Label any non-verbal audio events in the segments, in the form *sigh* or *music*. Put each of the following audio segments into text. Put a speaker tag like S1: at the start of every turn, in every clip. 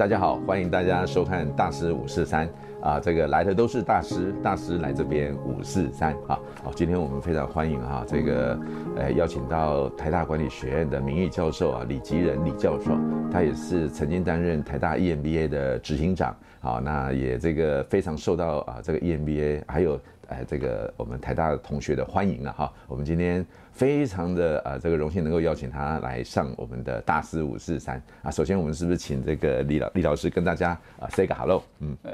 S1: 大家好，歡迎大家收看大師五四三啊，這個來的都是大師，大師來這邊五四三啊。好，今天我們非常歡迎哈，這個呃邀請到台大管理學院的名譽教授啊李吉仁李教授，他也是曾經擔任台大 EMBA 的執行長，好，那也這個非常受到啊這個 EMBA 還有呃這個我們台大的同學的歡迎了哈。我們今天。非常的啊、呃，這個榮幸能夠邀請他來上我們的大師五四三啊。首先，我們是不是請這個李老李老師跟大家啊 say 個 hello？嗯，
S2: 呃，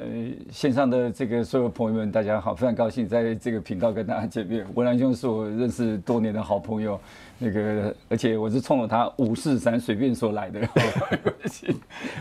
S2: 線上的這個所有朋友們，大家好，非常高興在這個頻道跟大家見面。文蘭兄是我認識多年的好朋友。那個，而且我是衝着他五四三隨便說來的。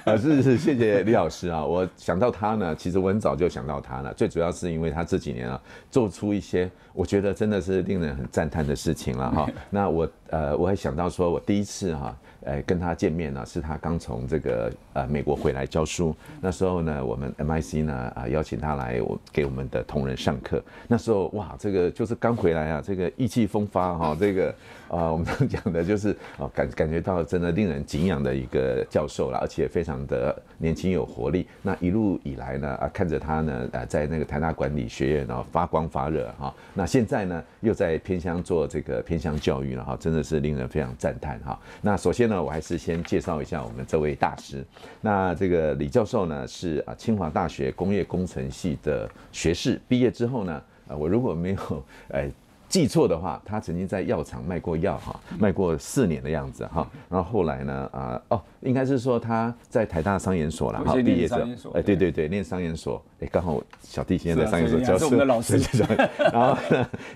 S1: 啊，是是，謝謝李老師啊！我想到他呢，其實我很早就想到他了。最主要是因為他這幾年啊，做出一些我覺得真的是令人很讚嘆的事情了哈。那我呃，我還想到說我第一次哈，呃，跟他見面呢、啊，是他剛從這個呃美國回來教書。那時候呢，我們 MIC 呢啊邀請他來我給我們的同仁上課。那時候哇，這個就是剛回來啊，這個意氣風發哈、啊，這個。啊、呃，我們講的就是哦，感感覺到真的令人敬仰的一個教授了，而且非常的年輕有活力。那一路以來呢，啊，看着他呢，在那個台大管理學院然後發光發熱哈、啊。那現在呢，又在偏鄉做這個偏鄉教育了哈，真的是令人非常讚嘆哈、啊。那首先呢，我還是先介紹一下我們這位大師。那這個李教授呢，是啊，清華大學工業工程系的學士，畢業之後呢，啊，我如果沒有、哎記錯的話，他曾經在藥廠賣過藥哈，賣過四年的樣子哈。然後後來呢，啊哦，應該是說他在台大商研所啦哈，然後畢業的。哎，對對對，唸商研所。哎，剛好小弟現在在商研所教書。是、啊、是我們的老師。然後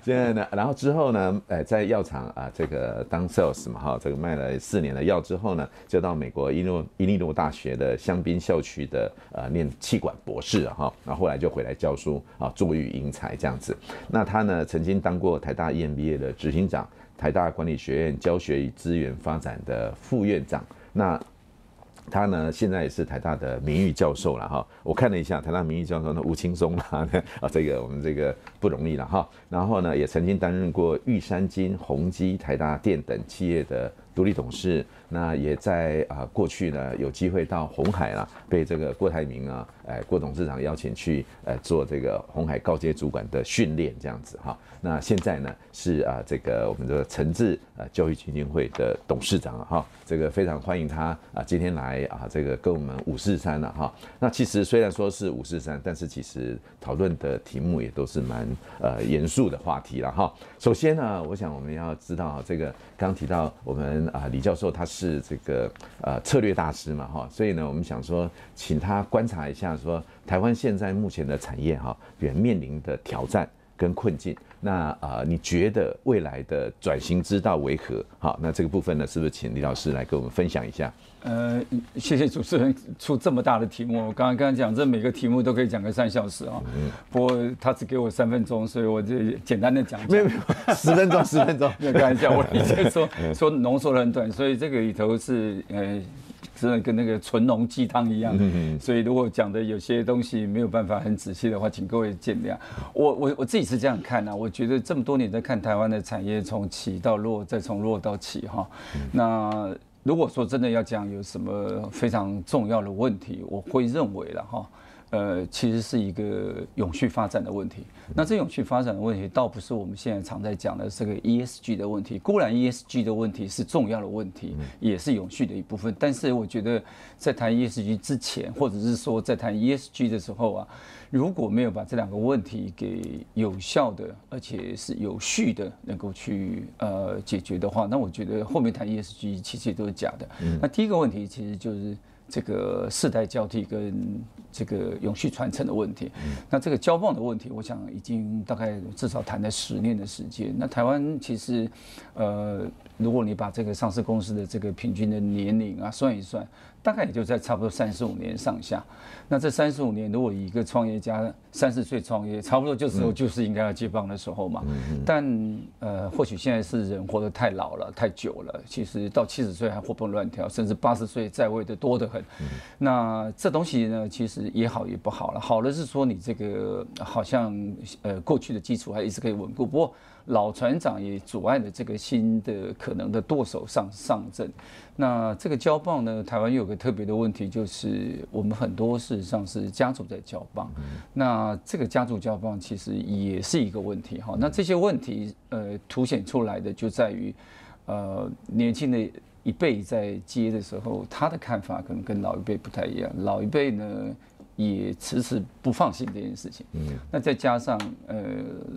S1: 現在呢，然後之後呢，哎、呃，在藥廠啊，這個當 sales 嘛哈，這個賣了四年的藥之後呢，就到美國伊利伊利諾大學的香檳校區的呃唸企管博士哈。然後後來就回來教書啊，作育英才這樣子。那他呢，曾經當過台。台大 EMBA 的執行長，台大管理學院教學與資源發展的副院長。那他呢，現在也是台大的名譽教授了哈。我看了一下，台大名譽教授呢吳青松啦哈啊，這個我們這個不容易了哈。然後呢，也曾經擔任過玉山金、宏碁、台達電等企業的。獨立董事。那也在啊，過去呢有機會到鴻海了，被這個郭台銘啊，誒、哎，郭董事長邀請去呃做這個鴻海高階主管的訓練這樣子哈、哦。那現在呢是啊這個我們的誠致啊，教育基金會的董事長哈、哦，這個非常歡迎他啊今天來啊這個跟我們五四三了哈。那其實雖然說是五四三，但是其實討論的題目也都是蠻呃嚴肅的話題了哈、哦。首先呢，我想我們要知道這個。剛剛提到我們啊，李教授他是這個呃策略大師嘛，哈，所以呢，我們想說請他觀察一下，說台灣現在目前的產業哈，原面臨的挑戰跟困境，那呃，你覺得未來的轉型之道為何？好，那這個部分呢，是不是請李老師來跟我們分享一下？
S2: 呃，謝謝主持人出這麼大的題目。我剛剛講這每個題目都可以講個三小時啊，喔，不過他只給我三分鐘，所以我就簡單的講。沒有沒有，
S1: 十分鐘十分鐘，沒有開玩笑，我理解說
S2: 說濃縮得很短，所以這個裡頭是呃，只能跟那個純濃雞湯一樣。所以如果講的有些東西沒有辦法很仔細的話，請各位見諒。我我我自己是這樣看啊，我覺得這麼多年在看台灣的產業從起到落，再從落到起哈，喔，那。如果說真的要講有什麼非常重要的問題，我會認為了哈。呃，其實是一個永續發展的問題。那這永續發展的問題，倒不是我們現在常在講的這個 ESG 的問題。固然 ESG 的問題是重要的問題，也是永續的一部分。但是我覺得，在談 ESG 之前，或者是說在談 ESG 的時候啊，如果沒有把這兩個問題給有效的，而且是有序的，能夠去呃解決的話，那我覺得後面談 ESG 其實都是假的。那第一個問題其實就是。這個世代交替跟這個永續傳承的問題，嗯，嗯、那這個交棒的問題，我想已經大概至少談了十年的時間。那台灣其實，呃。如果你把這個上市公司的這個平均的年齡啊算一算，大概也就在差不多三十五年上下。那這三十五年，如果一個創業家三十歲創業，差不多就是時候就是應該要接棒的時候嘛。但呃，或許現在是人活得太老了，太久了。其實到七十歲還活蹦亂跳，甚至八十歲在位的多得很。那這東西呢，其實也好也不好，好了。好的是說你這個好像呃過去的基礎還一直可以穩固，不過。老船長也阻礙了這個新的可能的舵手上上陣。那這個交棒呢，台灣有個特別的問題，就是我們很多事實上是家族在交棒。嗯、那這個家族交棒其實也是一個問題哈、嗯。那這些問題呃凸顯出來的就在於，呃，年輕的一輩在接的時候，他的看法可能跟老一輩不太一樣。老一輩呢，也遲遲不放心這件事情。嗯，那再加上呃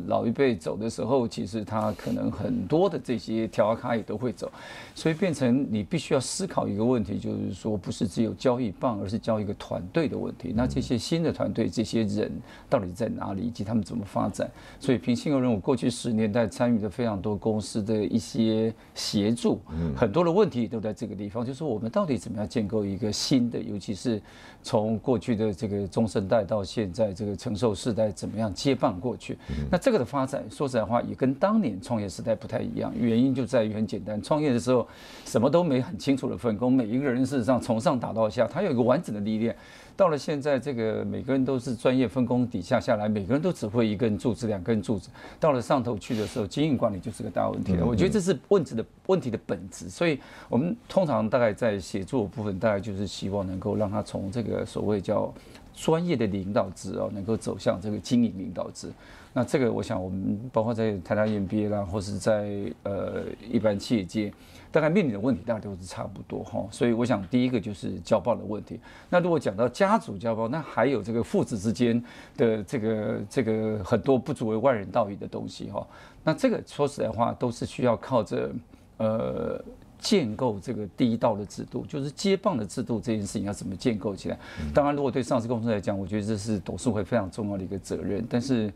S2: 老一輩走的時候，其實他可能很多的這些條、啊、卡也都會走，所以變成你必須要思考一個問題，就是說不是只有交易棒，而是交一個團隊的問題。那這些新的團隊，這些人到底在哪裡，以及他們怎麼發展？所以平心而論，我過去十年代參與的非常多公司的一些協助、嗯，很多的問題都在這個地方，就是我們到底怎麼樣建構一個新的，尤其是從過去的這個。這個中生代到現在，這個承受世代怎麼樣接棒過去、嗯？那這個的發展，說實在話，也跟當年創業時代不太一樣。原因就在於很簡單，創業的時候什麼都沒，很清楚的分工，每一個人事實上從上打到下，他有一個完整的歷練。到了現在，這個每個人都是專業分工底下下來，每個人都只會一根柱子、兩根柱子。到了上頭去的時候，經營管理就是個大問題了。我覺得這是問題的問題的本質。所以我們通常大概在寫作部分，大概就是希望能夠讓他從這個所謂叫。專業的領導職，哦，能夠走向這個經營領導職。那這個，我想我們包括在台大 EMBA 啦，或是在呃一般企業界，大概面臨的問題，大概都是差不多哈。所以我想，第一個就是交棒的問題。那如果講到家族交棒，那還有這個父子之間的這個這個很多不足為外人道也的東西哈。那這個說實在話，都是需要靠着呃。建構這個第一道的制度，就是接棒的制度這件事情要怎麼建構起來？當然，如果對上市公司來講，我覺得這是董事會非常重要的一個責任。但是，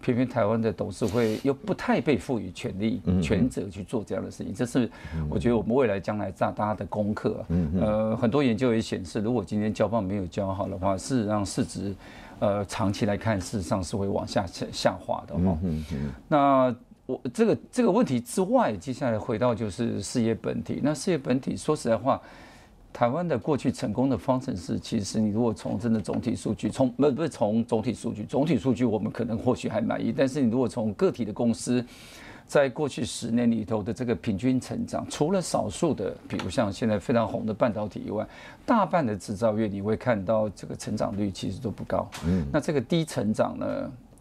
S2: 偏偏台灣的董事會又不太被賦予權力、權責去做這樣的事情，這是我覺得我們未來將來大大的功課。呃，很多研究也顯示，如果今天交棒沒有交好的話，事實上市值，呃，長期來看事實上是會往下下滑的哈、嗯。那。我這個這個問題之外，接下來回到就是事業本體。那事業本體，說實在話，台灣的過去成功的方程式，其實你如果從真的總體數據，從沒不是從總體數據，總體數據我們可能或許還滿意。但是你如果從個體的公司，在過去十年裡頭的這個平均成長，除了少數的，比如像現在非常紅的半導體以外，大半的製造業你會看到這個成長率其實都不高。嗯，那這個低成長呢？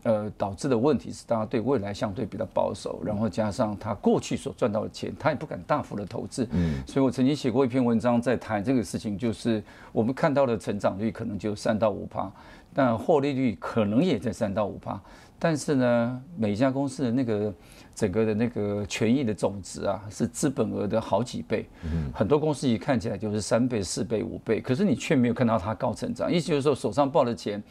S2: 呃，導致的問題是，大家對未來相對比較保守，然後加上他過去所賺到的錢，他也不敢大幅的投資。嗯，所以我曾經寫過一篇文章，在談這個事情，就是我們看到的成長率可能就三到五%，但獲利率可能也在三到五%，但是呢，每一家公司的那個整個的那個權益的總值啊，是資本額的好幾倍。很多公司一看起來就是三倍、四倍、五倍，可是你卻沒有看到它高成長，意思就是說手上抱的錢。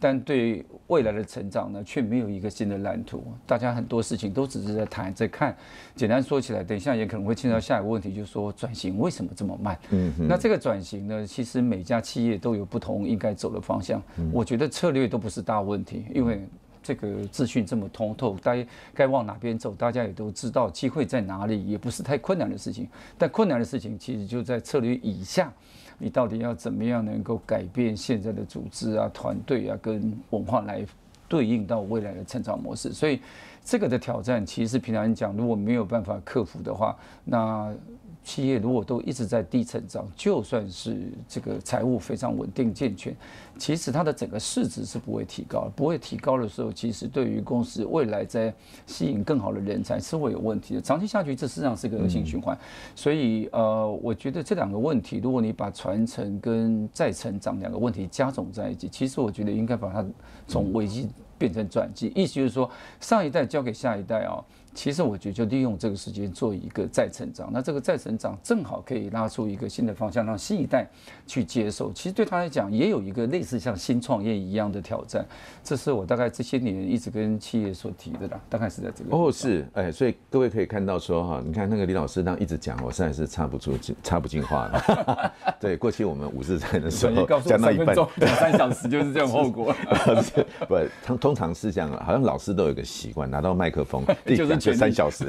S2: 但對未來的成長呢，卻沒有一個新的藍圖。大家很多事情都只是在談，在看。簡單說起來，等一下也可能會牽到下一個問題，就是說嗯、轉型為什麼這麼慢？嗯嗯。那這個轉型呢，其實每家企業都有不同應該走的方向、嗯。我覺得策略都不是大問題，因為這個資訊這麼通透，該該往哪邊走，大家也都知道，機會在哪裡，也不是太困難的事情。但困難的事情，其實就在策略以下。你到底要怎麼樣能夠改變現在的組織啊、團隊啊跟文化來對應到未來的成長模式？所以這個的挑戰，其實平常人講，如果沒有辦法克服的話，那。企業如果都一直在低成長，就算是這個財務非常穩定健全，其實它的整個市值是不會提高。不會提高的時候，其實對於公司未來在吸引更好的人才是會有問題的。長期下去，這實際上是一個惡性循環。所以，呃，我覺得這兩個問題，如果你把傳承跟再成長兩個問題加總在一起，其實我覺得應該把它從危機變成轉機。意思就是說，上一代交給下一代啊、喔。其實我覺得就利用這個時間做一個再成長，那這個再成長正好可以拉出一個新的方向，讓新一代去接受。其實對他來講也有一個類似像新創業一樣的挑戰。這是我大概這些年一直跟企業所提的啦，大概是在
S1: 這個。哦，是，哎，所以各位可以看到說哈，你看那個李老師他一直講，我實在是插不出，插不進話了。 *laughs* 對，過去我們五四三的時候告訴我分鐘講到一半，兩三小時就是這種後果。不，通常是這樣，好像老師都有個習慣，拿到麥克風。就是。三小時，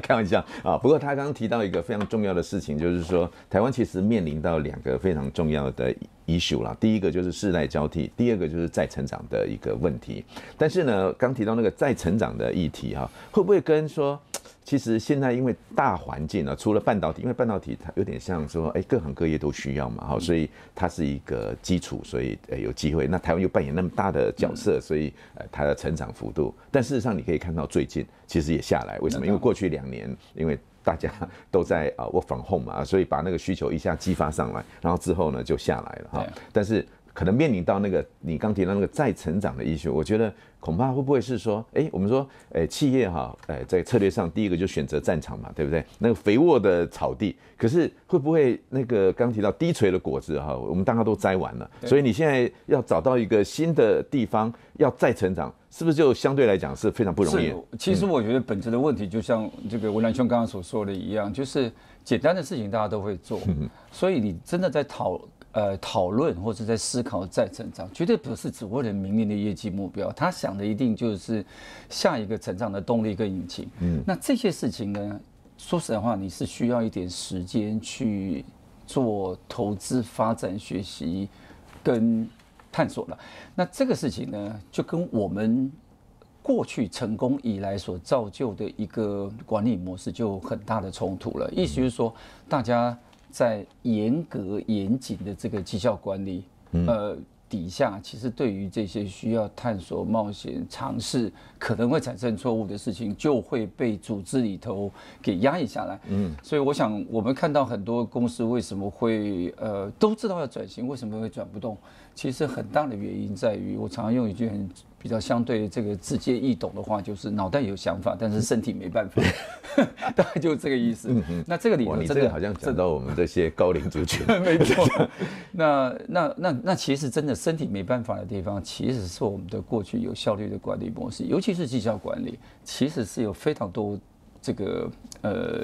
S1: 開玩笑啊！不過他剛剛提到一個非常重要的事情，就是說台灣其實面臨到兩個非常重要的 issue 啦。第一個就是世代交替，第二個就是再成長的一個問題。但是呢，剛提到那個再成長的議題哈、啊，會不會跟說？其實現在因為大環境、啊、除了半導體，因為半導體它有點像說，哎、欸，各行各業都需要嘛，哈，所以它是一個基礎，所以呃、欸、有機會。那台灣又扮演那麼大的角色，所以呃它的成長幅度。但事實上你可以看到最近其實也下來，為什麼？因為過去兩年因為大家都在啊 work from home 嘛，所以把那個需求一下激發上來，然後之後呢就下來了哈。但是。可能面臨到那個你剛提到那個再成長的醫學，我覺得恐怕會不會是說，哎、欸，我們說，哎、欸，企業哈，哎、欸，在策略上，第一個就選擇戰場嘛，對不對？那個肥沃的草地，可是會不會那個剛提到低垂的果子哈，我們大家都摘完了，所以你現在要找到一個新的地方要再成長，是不是就相對來講是非常不容易？
S2: 其實我覺得本質的問題，就像這個文蘭兄剛剛所說的一樣，就是簡單的事情大家都會做，嗯、所以你真的在討。呃，討論或者在思考再成長，絕對不是只為了明年的業績目標。他想的一定就是下一個成長的動力跟引擎。嗯，那這些事情呢，說實話，你是需要一點時間去做投資、發展、學習跟探索了。那這個事情呢，就跟我們過去成功以來所造就的一個管理模式就很大的衝突了。嗯。意思就是說，大家。在嚴格嚴謹的這個績效管理呃底下，其實對於這些需要探索、冒險、嘗試可能會產生錯誤的事情，就會被組織裡頭給壓抑下來。嗯，所以我想，我們看到很多公司為什麼會呃都知道要轉型，為什麼會轉不動，其實很大的原因在於我常用一句很。比較相對這個直接易懂的話，就是腦袋有想法，但是身體沒辦法， *laughs* *laughs* 大概就是這個意思。 *laughs* 那這個裡面真的好像針對
S1: 我們這些高齡族群， *laughs* *laughs* 沒錯。那那
S2: 那那其實真的身體沒辦法的地方，其實是我們的過去有效率的管理模式，尤其是績效管理，其實是有非常多這個呃。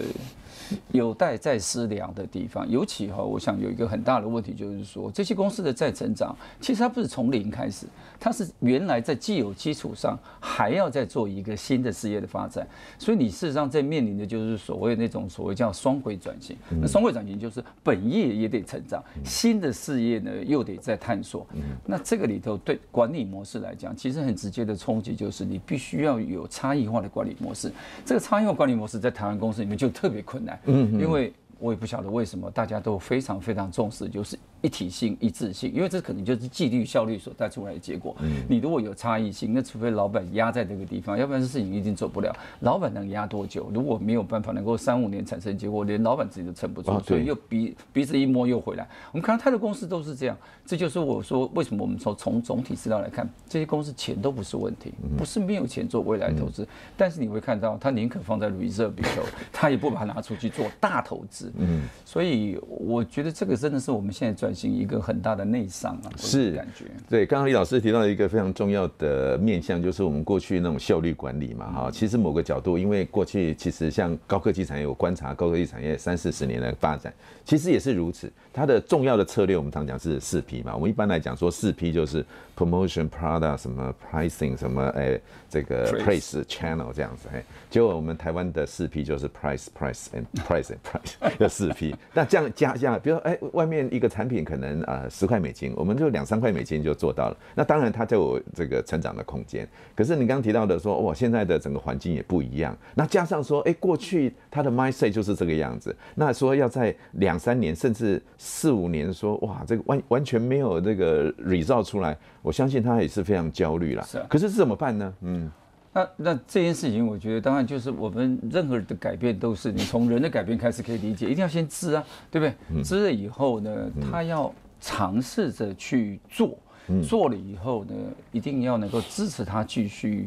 S2: 有待再思量的地方，尤其哈，我想有一個很大的問題就是說，這些公司的再成長，其實它不是從零開始，它是原來在既有基礎上，還要再做一個新的事業的發展。所以你事實上在面臨的就是所謂那種所謂叫雙軌轉型。那雙軌轉型就是本業也得成長，新的事業呢又得再探索。那這個裡頭對管理模式來講，其實很直接的衝擊就是你必須要有差異化的管理模式。這個差異化管理模式在台灣公司裡面就特別困難。嗯，因為我也不曉得為什麼大家都非常非常重視，就是。一體性、一致性，因為這可能就是紀律效率所帶出來的結果。你如果有差異性，那除非老板壓在這個地方，要不然這事情一定做不了。老板能壓多久？如果沒有辦法能夠三五年產生結果，連老板自己都撐不住，所以又鼻鼻子一摸又回來。我們看到他的公司都是這樣，這就是我說為什麼我們從從總體資料來看，這些公司錢都不是問題，不是沒有錢做未來投資，但是你會看到他寧可放在 reserve 裡頭，他也不把它拿出去做大投資。嗯，所以我覺得這個真的是我們現在最。一個很大的內傷啊，是感
S1: 覺對。剛剛李老師提到，一個非常重要的面向，就是我們過去那種效率管理嘛，哈。其實某個角度，因為過去其實像高科技產業，我觀察高科技產業三四十年的發展，其實也是如此。它的重要的策略，我們常講是四 P 嘛。我們一般來講說四 P 就是 promotion、product、什麼 pricing、什麼哎這個 place、channel 這樣子哎。結果我們台灣的 4P 就是 price price and price and price, and price 的 4P，那這樣加這樣，比如說哎、欸，外面一個產品可能呃十塊美金，我們就兩三塊美金就做到了，那當然它就有這個成長的空間。可是你剛剛提到的說，哇，現在的整個環境也不一樣，那加上說，哎、欸，過去它的 mindset 就是這個樣子，那說要在兩三年甚至四五年說，哇，這個完完全沒有這個 result 出來，我相信他也是非常焦慮啦。可是，是怎麼辦呢？嗯。
S2: 那那這件事情，我覺得當然就是我們任何的改變都是你從人的改變開始可以理解，一定要先知啊，對不對？知了以後呢，他要嘗試着去做，做了以後呢，一定要能夠支持他繼續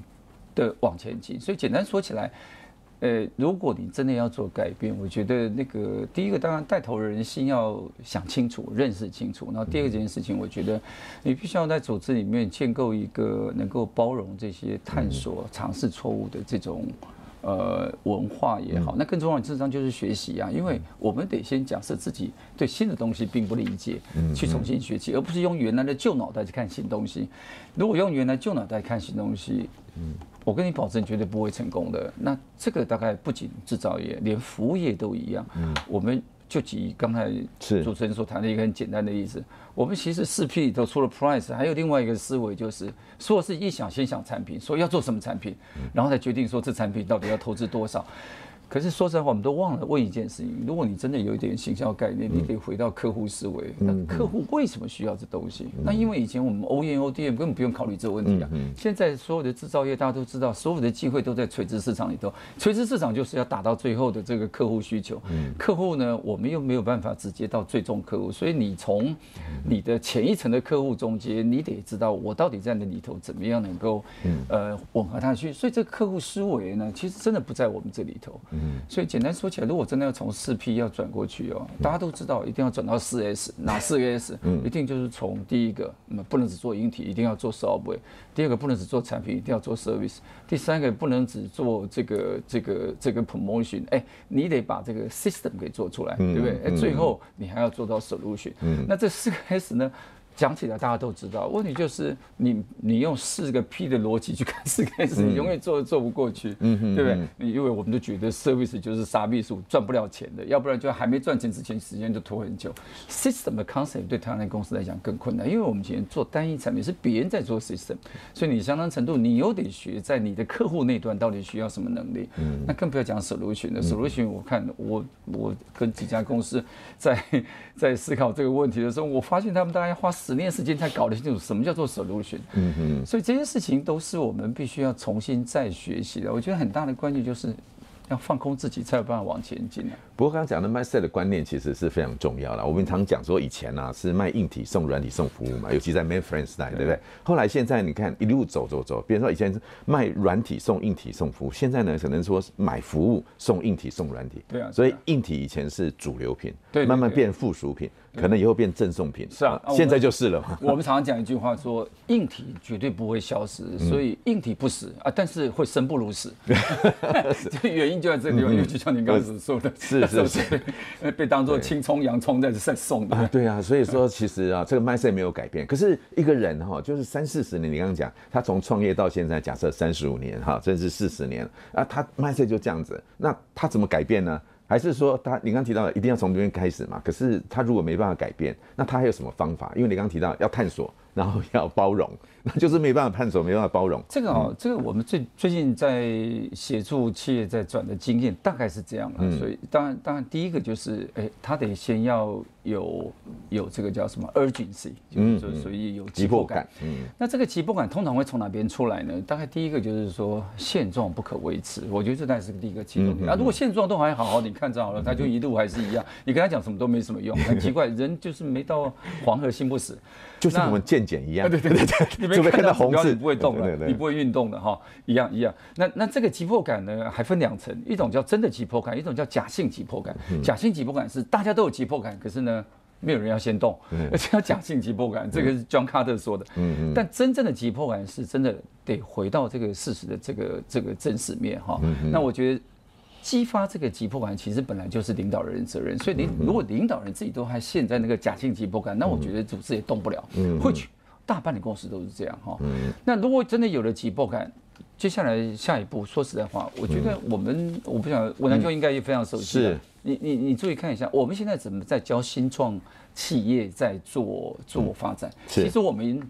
S2: 的往前進。所以簡單說起來。呃，如果你真的要做改變，我覺得那個第一個當然帶頭人先要想清楚、認識清楚。然後第二件事情，我覺得你必須要在組織裡面建構一個能夠包容這些探索、嘗試錯誤的這種呃文化也好。那更重要的智商就是學習啊，因為我們得先假設自己對新的東西並不理解，去重新學習，而不是用原來的舊腦袋去看新東西。如果用原來舊腦袋去看新東西，嗯。我跟你保證，絕對不會成功的。那這個大概不僅製造業，連服務業都一樣。嗯，我們就以剛才主持人所談的一個很簡單的例子，我們其實四 P 裡頭除了 Price，還有另外一個思維，就是說是一想先想產品，說要做什麼產品，然後再決定說這產品到底要投資多少。可是，說實話，我們都忘了問一件事情。如果你真的有一點形象概念，你得回到客戶思維。那客戶為什麼需要這東西？那因為以前我們 OEM、ODM 根本不用考慮這個問題啊。現在所有的製造業，大家都知道，所有的機會都在垂直市場裡頭。垂直市場就是要打到最後的這個客戶需求。客戶呢，我們又沒有辦法直接到最終客戶，所以你從你的前一層的客戶中間，你得知道我到底在那裡頭怎麼樣能夠呃吻合他去。所以這個客戶思維呢，其實真的不在我們這裡頭。所以簡單說起來，如果真的要從四 P 要轉過去哦，大家都知道，一定要轉到四 S，哪四個 S？一定就是從第一個，那、嗯、麼不能只做硬體，一定要做 software；第二個不能只做產品，一定要做 service；第三個不能只做這個這個這個 promotion，哎、欸，你得把這個 system 給做出來，嗯、對不對？哎、欸，最後你還要做到 solution、嗯。那這四個 S 呢？講起來大家都知道，問題就是你你用四個 P 的邏輯去看四 K 時，永遠做都做不過去，嗯、哼，對不對？因為我們都覺得 service 就是傻秘書，賺不了錢的，要不然就還沒賺錢之前時間就拖很久。System 的 concept 對台灣公司來講更困難，因為我們以前做單一產品是別人在做 system，所以你相當程度你又得學在你的客戶那段到底需要什麼能力，嗯、那更不要講 solution 了。solution 我看我我跟幾家公司在在思考這個問題的時候，我發現他們大概花。十年時間才搞得清楚什麼叫做 solution。嗯，所以這些事情都是我們必須要重新再學習的。我覺得很大的關鍵就是要放空自己，才有辦法往前進。
S1: 不過剛剛講的賣設的觀念其實是非常重要的。我們常講說以前吶、啊、是賣硬體送軟體送服務嘛，尤其在 mainframe 時代對不對？後來現在你看一路走走走，比如說以前是賣軟體送硬體送服務，現在呢可能說是買服務送硬體送軟體。對啊。所以硬體以前是主流品，慢慢變附屬品，可能以後變贈送品。送品是啊,啊。現在就是了我們,我們常,
S2: 常講一句話說硬體絕對不會消失，所以硬體不死啊，但是會生不如死。這 *laughs* 是 *laughs* 原因就在這個地方，就、嗯、像你剛才說的，是。是是不是，是不是被當作青蔥洋蔥在上送
S1: 的？對啊，啊、所以說其實啊，這個麥穗沒有改變。可是一個人哈，就是三四十年，你剛剛講他從創業到現在，假設三十五年哈，甚至四十年那、啊、他麥穗就這樣子。那他怎麼改變呢？還是說他你剛提到的一定要從這邊開始嘛？可是他如果沒辦法改變，那他還有什麼方法？因為你剛剛提到要探索。然後要包容，那就是沒辦法判索，沒辦法包容。這
S2: 個哦，這個我們最最近在協助企業在轉的經驗大概是這樣了。嗯、所以當然，當然第一個就是，哎、欸，他得先要有有這個叫什麼 urgency，就是說，所以有急、嗯、迫感。嗯。那這個急迫感通常會從哪邊出來呢？大概第一個就是說現狀不可維持。我覺得這大概是第一個起動點。那、嗯嗯嗯啊、如果現狀都還好好，你看着好了，他就一路還是一樣，你跟他講什麼都沒什麼用。很奇怪， *laughs* 人就是沒到黃河心不死。就是我們見。建減
S1: 一樣、啊，對對對 *laughs* 你沒看到紅標，你不會動了，你不會
S2: 運動的哈，一樣一樣。那那這個急迫感呢，還分兩層，一種叫真的急迫感，一種叫假性急迫感。假性急迫感是大家都有急迫感，可是呢，沒有人要先動，而且要假性急迫感，這個是 John Carter 說的。嗯嗯。但真正的急迫感是真的得回到這個事實的這個這個真實面哈。那我覺得。激發這個急迫感，其實本來就是領導人的責任。所以，你如果領導人自己都還陷在那個假性急迫感，嗯、那我覺得組織也動不了。嗯，會去大半的公司都是這樣哈。嗯，那如果真的有了急迫感，接下來下一步，說實在話，我覺得我們，嗯、我不想，我南就應該也非常熟悉、嗯。你你你注意看一下，我們現在怎麼在教新創企業在做做發展、嗯？其實我們。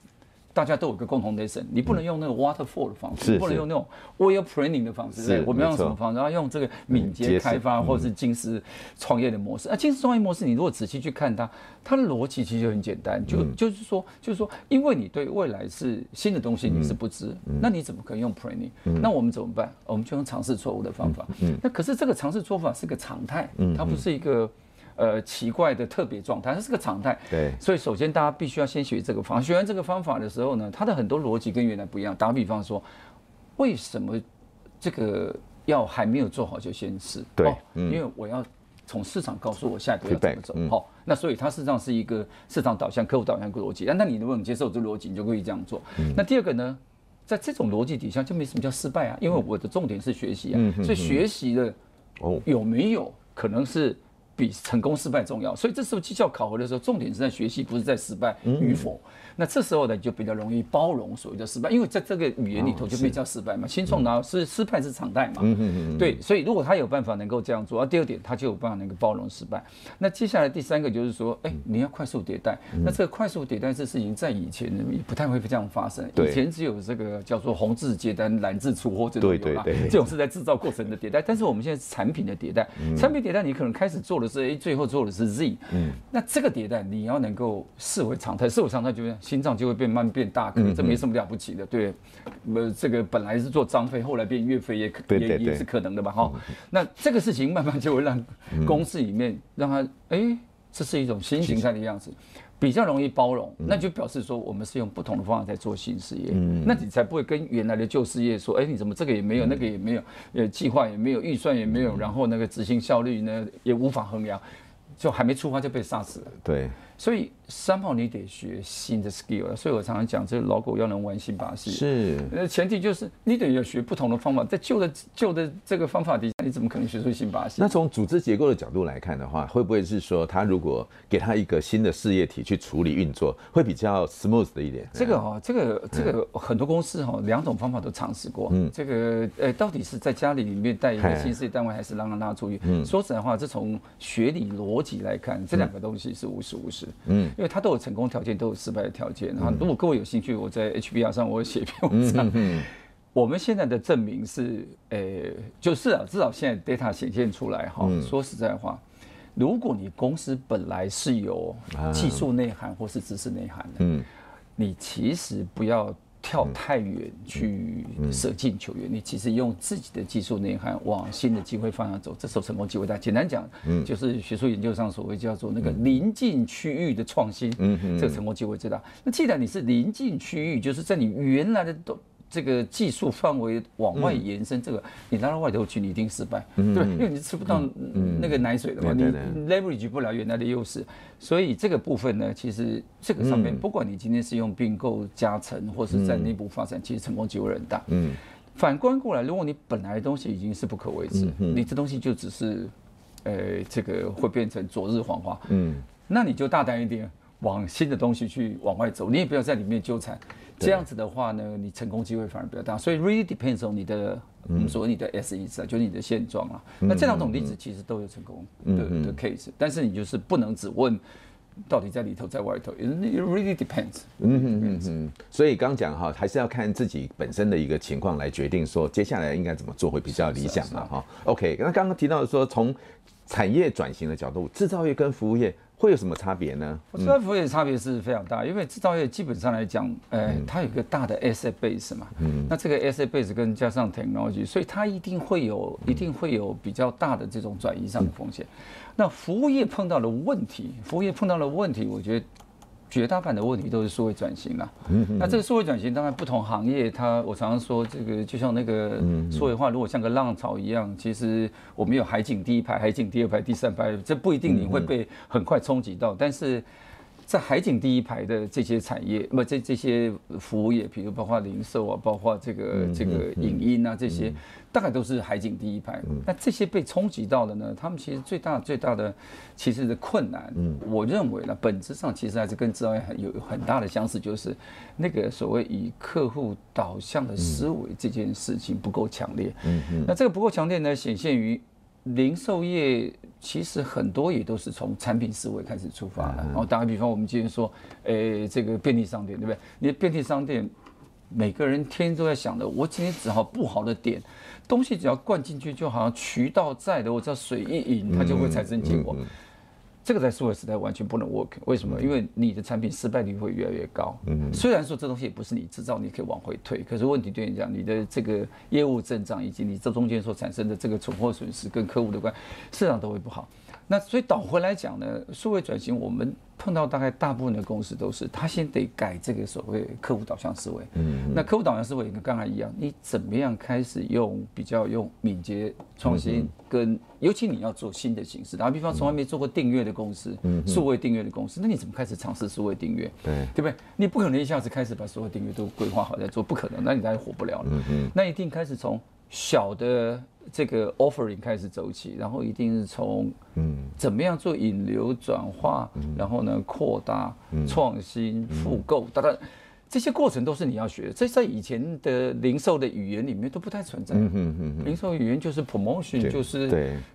S2: 大家都有個共同的省，你不能用那個 waterfall 的方式，是是你不能用那種 a e i l planning 的方式。我們用什麼方式？要、啊、用這個敏捷開發、嗯、或者是精實創業的模式。啊，精實創業模式，你如果仔細去看它，它的邏輯其實就很簡單，就、嗯、就是說，就是說，因為你對未來是新的東西，你是不知，嗯、那你怎麼可以用 planning？、嗯、那我們怎麼辦？我們就用嘗試錯誤的方法、嗯嗯。那可是這個嘗試錯誤法是個常態，它不是一個。嗯嗯呃，奇怪的特別狀態，它是個常態。對，所以首先大家必須要先學這個方法，學完這個方法的時候呢，它的很多邏輯跟原來不一樣。打個比方說，為什麼這個要還沒有做好就先試？
S1: 對、哦嗯，因為
S2: 我要從市場告訴我下一步要怎麼走。好、嗯哦，那所以它實際上是一個市場導向、客戶導向的邏輯。那、嗯、那你能不能接受這邏輯，你就可以這樣做、嗯。那第二個呢，在這種邏輯底下，就沒什麼叫失敗啊，因為我的重點是學習啊、嗯。所以學習的哦，有沒有可能是？比成功失敗重要，所以這時候績效考核的時候，重點是在學習，不是在失敗與否、嗯。那這時候呢，就比較容易包容所謂的失敗，因為在這個語言裡頭就沒叫失敗嘛。新創呢是失敗是常態嘛。嗯哼嗯哼嗯。對，所以如果他有辦法能夠這樣做，啊第二點，他就有辦法能夠包容失敗。那接下來第三個就是說，哎、欸，你要快速迭代、嗯。那這個快速迭代這事情在以前也不太會這樣發生、嗯，以前只有這個叫做紅字接單、藍字
S1: 出貨這種有嘛，這種
S2: 是在制造過程的迭代。但是我們現在是產品的迭代，嗯、產品迭、迭代你可能開始做了。是最後做的是 Z。嗯，那這個迭代，你要能夠視為常態，視為常態，就心臟就會變慢，慢變大，可、嗯、這沒什麼了不起的，對。呃，這個本來是做張飛，後來變岳飛也，也可也也是可能的吧？哈、嗯，那這個事情慢慢就會讓公司裡面、嗯、讓它，哎，這是一種新形態的樣子。比較容易包容，那就表示說我們是用不同的方法在做新事業，嗯，那你才不會跟原來的舊事業說，哎、欸，你怎麼這個也沒有，那個也沒有，呃，計劃也沒有，預算也沒有，嗯，然後那個執行效率呢也無法衡量，就還沒出發就被殺死了。對。所以三號你得學新的 skill。所以我常常
S1: 講，這個老狗要能玩新把戲，是
S2: 那前提就是你得要學不同的方法，在舊的舊的這個方法底下，你怎麼可能學出新把戲？
S1: 那從組織結構的角度來看的話，會不會是說他如果給他一個新的事業體去處理運作，會比較 smooth 的一點？
S2: 這個哈、哦，這個這個很多公司哈、哦，兩、嗯、種方法都嘗試過。嗯，這個呃、欸，到底是在家裡裡面帶一個新事業單位，還是讓他拉出去？嗯，說實在話，這從學理邏輯來看，這兩個東西是無時無事的。嗯，因為它都有成功條件，都有失敗的條件。然後如果各位有興趣，我在 HBR 上我會寫一篇文章，嗯嗯嗯。我們現在的證明是，呃、欸，就是啊，至少現在 data 顯現出來哈。說實在話，嗯，如果你公司本來是有技術內涵或是知識內涵的，嗯，你其實不要。跳太遠去捨近求遠，你其實用自己的技術內涵，往新的機會方向走，這時候成功機會大。簡單講，嗯，就是學術研究上所謂叫做那個鄰近區域的創新，嗯，嗯，這個成功機會最大。那既然你是鄰近區域，就是在你原來的都。這個技術範圍往外延伸，嗯、這個你拿到外頭去，你一定失敗，嗯，對，因為你吃不到，嗯、那個奶水的嘛，嗯，你 leverage 不了原來的優勢，所以這個部分呢，其實這個上面，嗯，不管你今天是用併購加成，或是在內部發展，嗯，其實成功機會很大。嗯，反觀過來，如果你本來的東西已經是不可維持，嗯嗯，你這東西就只是，呃，這個會變成昨日黃花。嗯，那你就大膽一點。往新的東西去，往外走，你也不要在裡面糾纏。這樣子的話呢，你成功機會反而比較大。所以 really depends on 你的，嗯、所你所謂的 S E C 就是你的現狀啊、嗯。那這兩種例子其實都有成功的、嗯嗯、的 case、嗯嗯、但是你就是不能只問到底在裡頭在外頭，也 really depends 嗯。嗯
S1: 嗯嗯嗯。所以剛講哈，還是要看自己本身的一個情況來決定說接下來應該怎麼做會比較理想嘛、啊、哈、啊啊。OK，那剛剛提到的說從產業轉型的角度，制造業跟服務業。會有什麼差別呢？
S2: 製、嗯、造業差別是非常大，因為製造業基本上來講、呃嗯，它有一個大的 SA base 嘛、嗯，那這個 SA base 跟加上 technology，所以它一定會有一定會有比較大的這種轉移上的風險、嗯。那服務業碰到了問題，服務業碰到了問題，我覺得。絕大半的問題都是數位轉型啦、啊。那這個數位轉型，當然不同行業，它我常常說，這個就像那個數位化，如果像個浪潮一樣，其實我們有海景第一排、海景第二排、第三排，這不一定你會被很快衝擊到，但是。在海景第一排的這些產業，不，這這些服務業，比如，包括零售啊，包括這個這個影音啊，這些、嗯嗯、大概都是海景第一排。那、嗯、這些被衝擊到的呢，他們其實最大最大的其實是困難、嗯。我認為呢，本質上其實還是跟製造業很有很大的相似，就是那個所謂以客戶導向的思維、嗯、這件事情不夠強烈、嗯嗯嗯。那這個不夠強烈呢，顯現於。零售業其實很多也都是從產品思維開始出發的。然後打個比方，我們今天說，誒，這個便利商店，對不對？你的便利商店，每個人天天都在想的，我今天只好不好的點東西，只要灌進去，就好像渠道在的，我只要水一引，它就會產生結果。嗯。嗯嗯嗯這個在數位時代完全不能 work，為什麼？因為你的產品失敗率會越來越高。嗯、雖然說這東西也不是你製造，你可以往回退，可是問題對你講，你的這個業務增長以及你這中間所產生的這個存貨損失跟客戶的關係，市場都會不好。那所以倒回來講呢，數位轉型我們。碰到大概大部分的公司都是，他先得改這個所謂客戶導向思維。嗯，嗯，那客戶導向思維跟剛才一樣，你怎麼樣開始用比較用敏捷創新跟尤其你要做新的形式，打比方從來沒做過訂閱的公司，數位訂閱的公司，那你怎麼開始嘗試數位訂閱？對，對不對？你不可能一下子開始把所有訂閱都規劃好再做，不可能，那你當然活不了了。嗯嗯，那一定開始從小的。.這個 offering 開始走起，然後一定是從嗯怎麼樣做引流轉化，嗯、然後呢擴大、嗯、創新、嗯、複購、當然這些過程都是你要學的，這在以前的零售的語言裡面都不太存在。嗯、哼
S1: 哼哼零
S2: 售語言就是 promotion 就是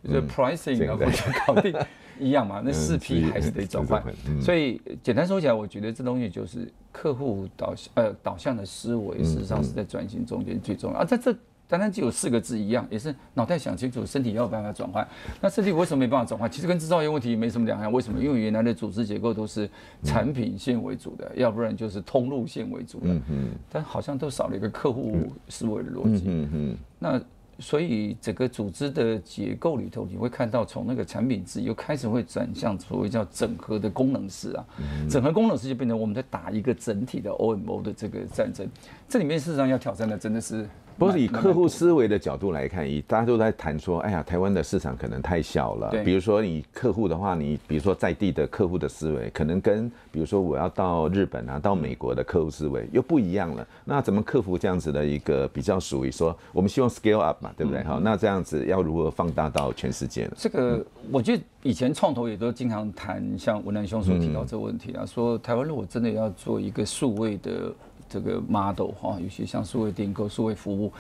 S2: pricing、嗯、然後就搞定，就搞定、嗯、一樣嘛。嗯、那 4P *laughs* 還是得轉換、嗯、所以簡單說起來，我覺得這東西就是客戶導向呃導向的思維，事實上是在轉型中間最重要、嗯、啊在這。單單只有四個字一樣，也是腦袋想清楚，身體要有辦法轉換。那身體為什麼沒辦法轉換？其實跟製造業問題沒什麼兩樣。為什麼？因為原來的組織結構都是產品線為主的，要不然就是通路線為主的。嗯。但好像都少了一個客戶思維的邏輯。嗯，那所以整個組織的結構裡頭，你會看到從那個產品制，又開始會轉向所謂叫整合的功能式啊。整合功能式就變成我們在打一個整體的 OMO 的這個戰爭。這裡面事實上要挑戰的真的是。不是以客戶
S1: 思維的角度來看，以大家都在談說，哎呀，台灣的市場可能太小了。比如說你客戶的話，你比如說在地的客戶的思維，可能跟比如說我要到日本啊、到美國的客戶思維又不一樣了。那怎麼克服這樣子的一個比較屬於說，我們希望 scale up 嘛？對不對？好、嗯，那這樣子要如何放大到全世界呢？這
S2: 個我覺得以前創投也都經常談，像文南兄所提到這個問題啊，嗯、說台灣如果真的要做一個數位的。這個 model 哈、哦，有些像數位訂購、數位服務，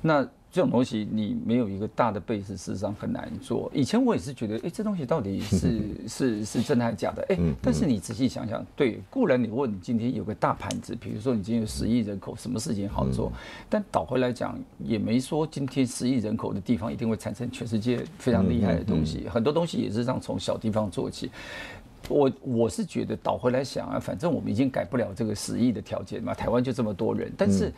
S2: 那這種東西你沒有一個大的 base，事實上很難做。以前我也是覺得，哎、欸，這東西到底是 *laughs* 是是真的還是假的？哎、欸，但是你仔細想想，對，固然你問你今天有個大盤子，比如說你今天有十億人口，什麼事情好做？ *laughs* 但倒回來講，也沒說今天十億人口的地方一定會產生全世界非常厲害的東西。 *laughs* *laughs* *laughs* *laughs* *laughs* *laughs* *laughs* 很多東西也是讓從小地方做起。我我是覺得倒回來想啊，反正我們已經改不了這個十億的條件嘛，台灣就這麼多人，但是、嗯。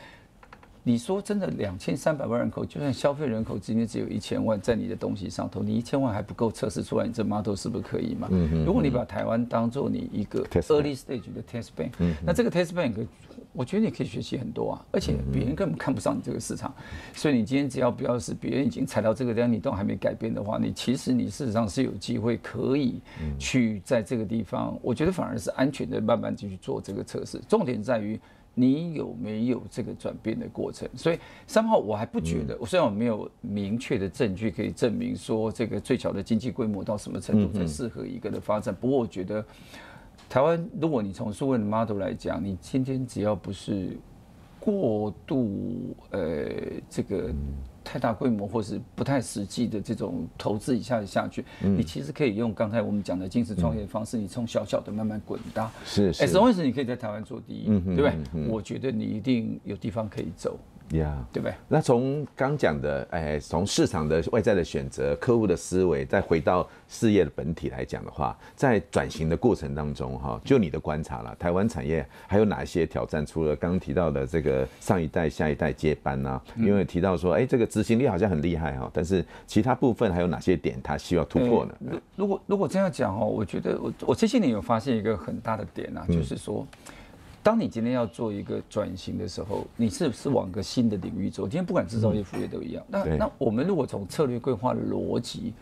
S2: 你說真的，兩千三百萬人口，就算消費人口今天只有一千萬，在你的東西上頭，你一千萬還不夠測試出來你這 model 是不是可以嘛？如果你把台灣當做你一個 early stage 的 test bank，那這個 test bank，我覺得你可以學習很多啊。而且別人根本看不上你這個市場，所以你今天只要不要是別人已經踩到這個地方你都還沒改變的話，你其實你事實上是有機會可以去在這個地方，我覺得反而是安全的，慢慢繼續去做這個測試。重點在於。你有沒有這個轉變的過程？所以三號我還不覺得，我雖然我沒有明確的證據可以證明說這個最小的經濟規模到什麼程度才適合一個的發展，不過我覺得台灣，如果你從數位的 model 來講，你今天只要不是過度呃這個。太大規模或是不太實際的這種投資，一下子下去、嗯，你其實可以用剛才我們講的精神創業的方式，嗯、你從小小的慢慢滾大。是，是，是，總而言之你可以在台灣做第一，嗯、對不對、嗯？我覺得你一定有地方可以走。呀、yeah，對不
S1: 對？那從剛講的，哎、欸，從市場的外在的選擇、客戶的思維，再回到事業的本體來講的話，在轉型的過程當中，哈、喔，就你的觀察了，台灣產業還有哪些挑戰？除了剛剛提到的這個上一代、下一代接班呢、啊，因為有提到說，哎、欸，這個執行力好像很厲害哈、喔，但是其他部分還有哪些點他需要突破呢？如
S2: 如果如果這樣講哦，我覺得我我這些年有發現一個很大的點啊，就是說。嗯當你今天要做一個轉型的時候，你是不是往個新的領域走？今天不管制造業、服務業都一樣。嗯。那那我們如果從策略規劃的邏輯，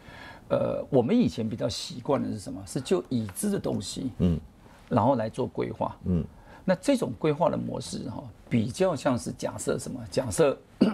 S2: 呃，我們以前比較習慣的是什麼？是就已知的東西，嗯，然後來做規劃，
S1: 嗯。
S2: 那這種規劃的模式哈哦，比較像是假設什麼？假設。嗯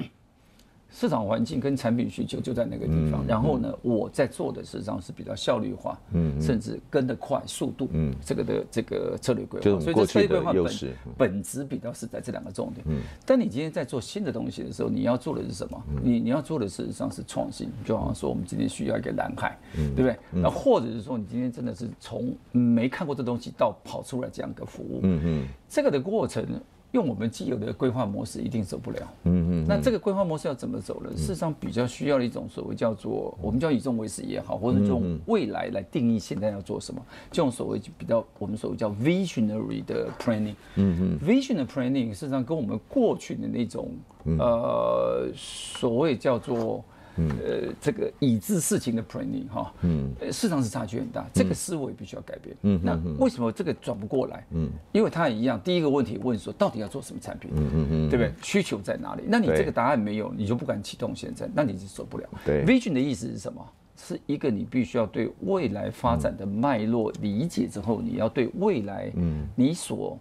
S2: 市場環境跟產品需求就在那個地方，嗯嗯、然後呢，我在做的事實上是比較效率化嗯，嗯，甚至跟得快速度，嗯，這個的這個策略規劃，就是過去的優勢、所以這策略規劃本,、嗯、本質比較是在這兩個重點。嗯，但你今天在做新的東西的時候，你要做的是什麼？嗯、你你要做的事實上是創新，就好像說我們今天需要一個藍海，嗯、對不對？那或者是說你今天真的是從沒看過這東西到跑出來這樣一個服務，嗯嗯、嗯，這個的過程。用我們既有的規劃模式一定走不了。嗯
S1: 嗯，嗯，那這個
S2: 規劃模式要怎麼走呢？嗯、事實上，比較需要一種所謂叫做我們叫以終為始也好，或者用未來來定義現在要做什麼，嗯嗯這種所謂比較我們所謂叫 visionary 的 planning。嗯嗯，visionary planning 事實上跟我們過去的那種、嗯、呃所謂叫做。嗯、呃，這個已知事情的 planning 哈，哦，嗯、呃，市場是差距很大，這個思維必須要改變，嗯嗯。嗯，那為什麼這個轉不過來？嗯，因為他也一樣，第一個問題問說，到底要做什麼產品？嗯嗯嗯，對不對？需求在哪裡？那你這個答案沒有，你就不敢啟動。現在，那你就走不了。對，vision 的意思是什麼？是一個你必須要對未來發展的脈絡理解之後，嗯、你要對未來，嗯，你所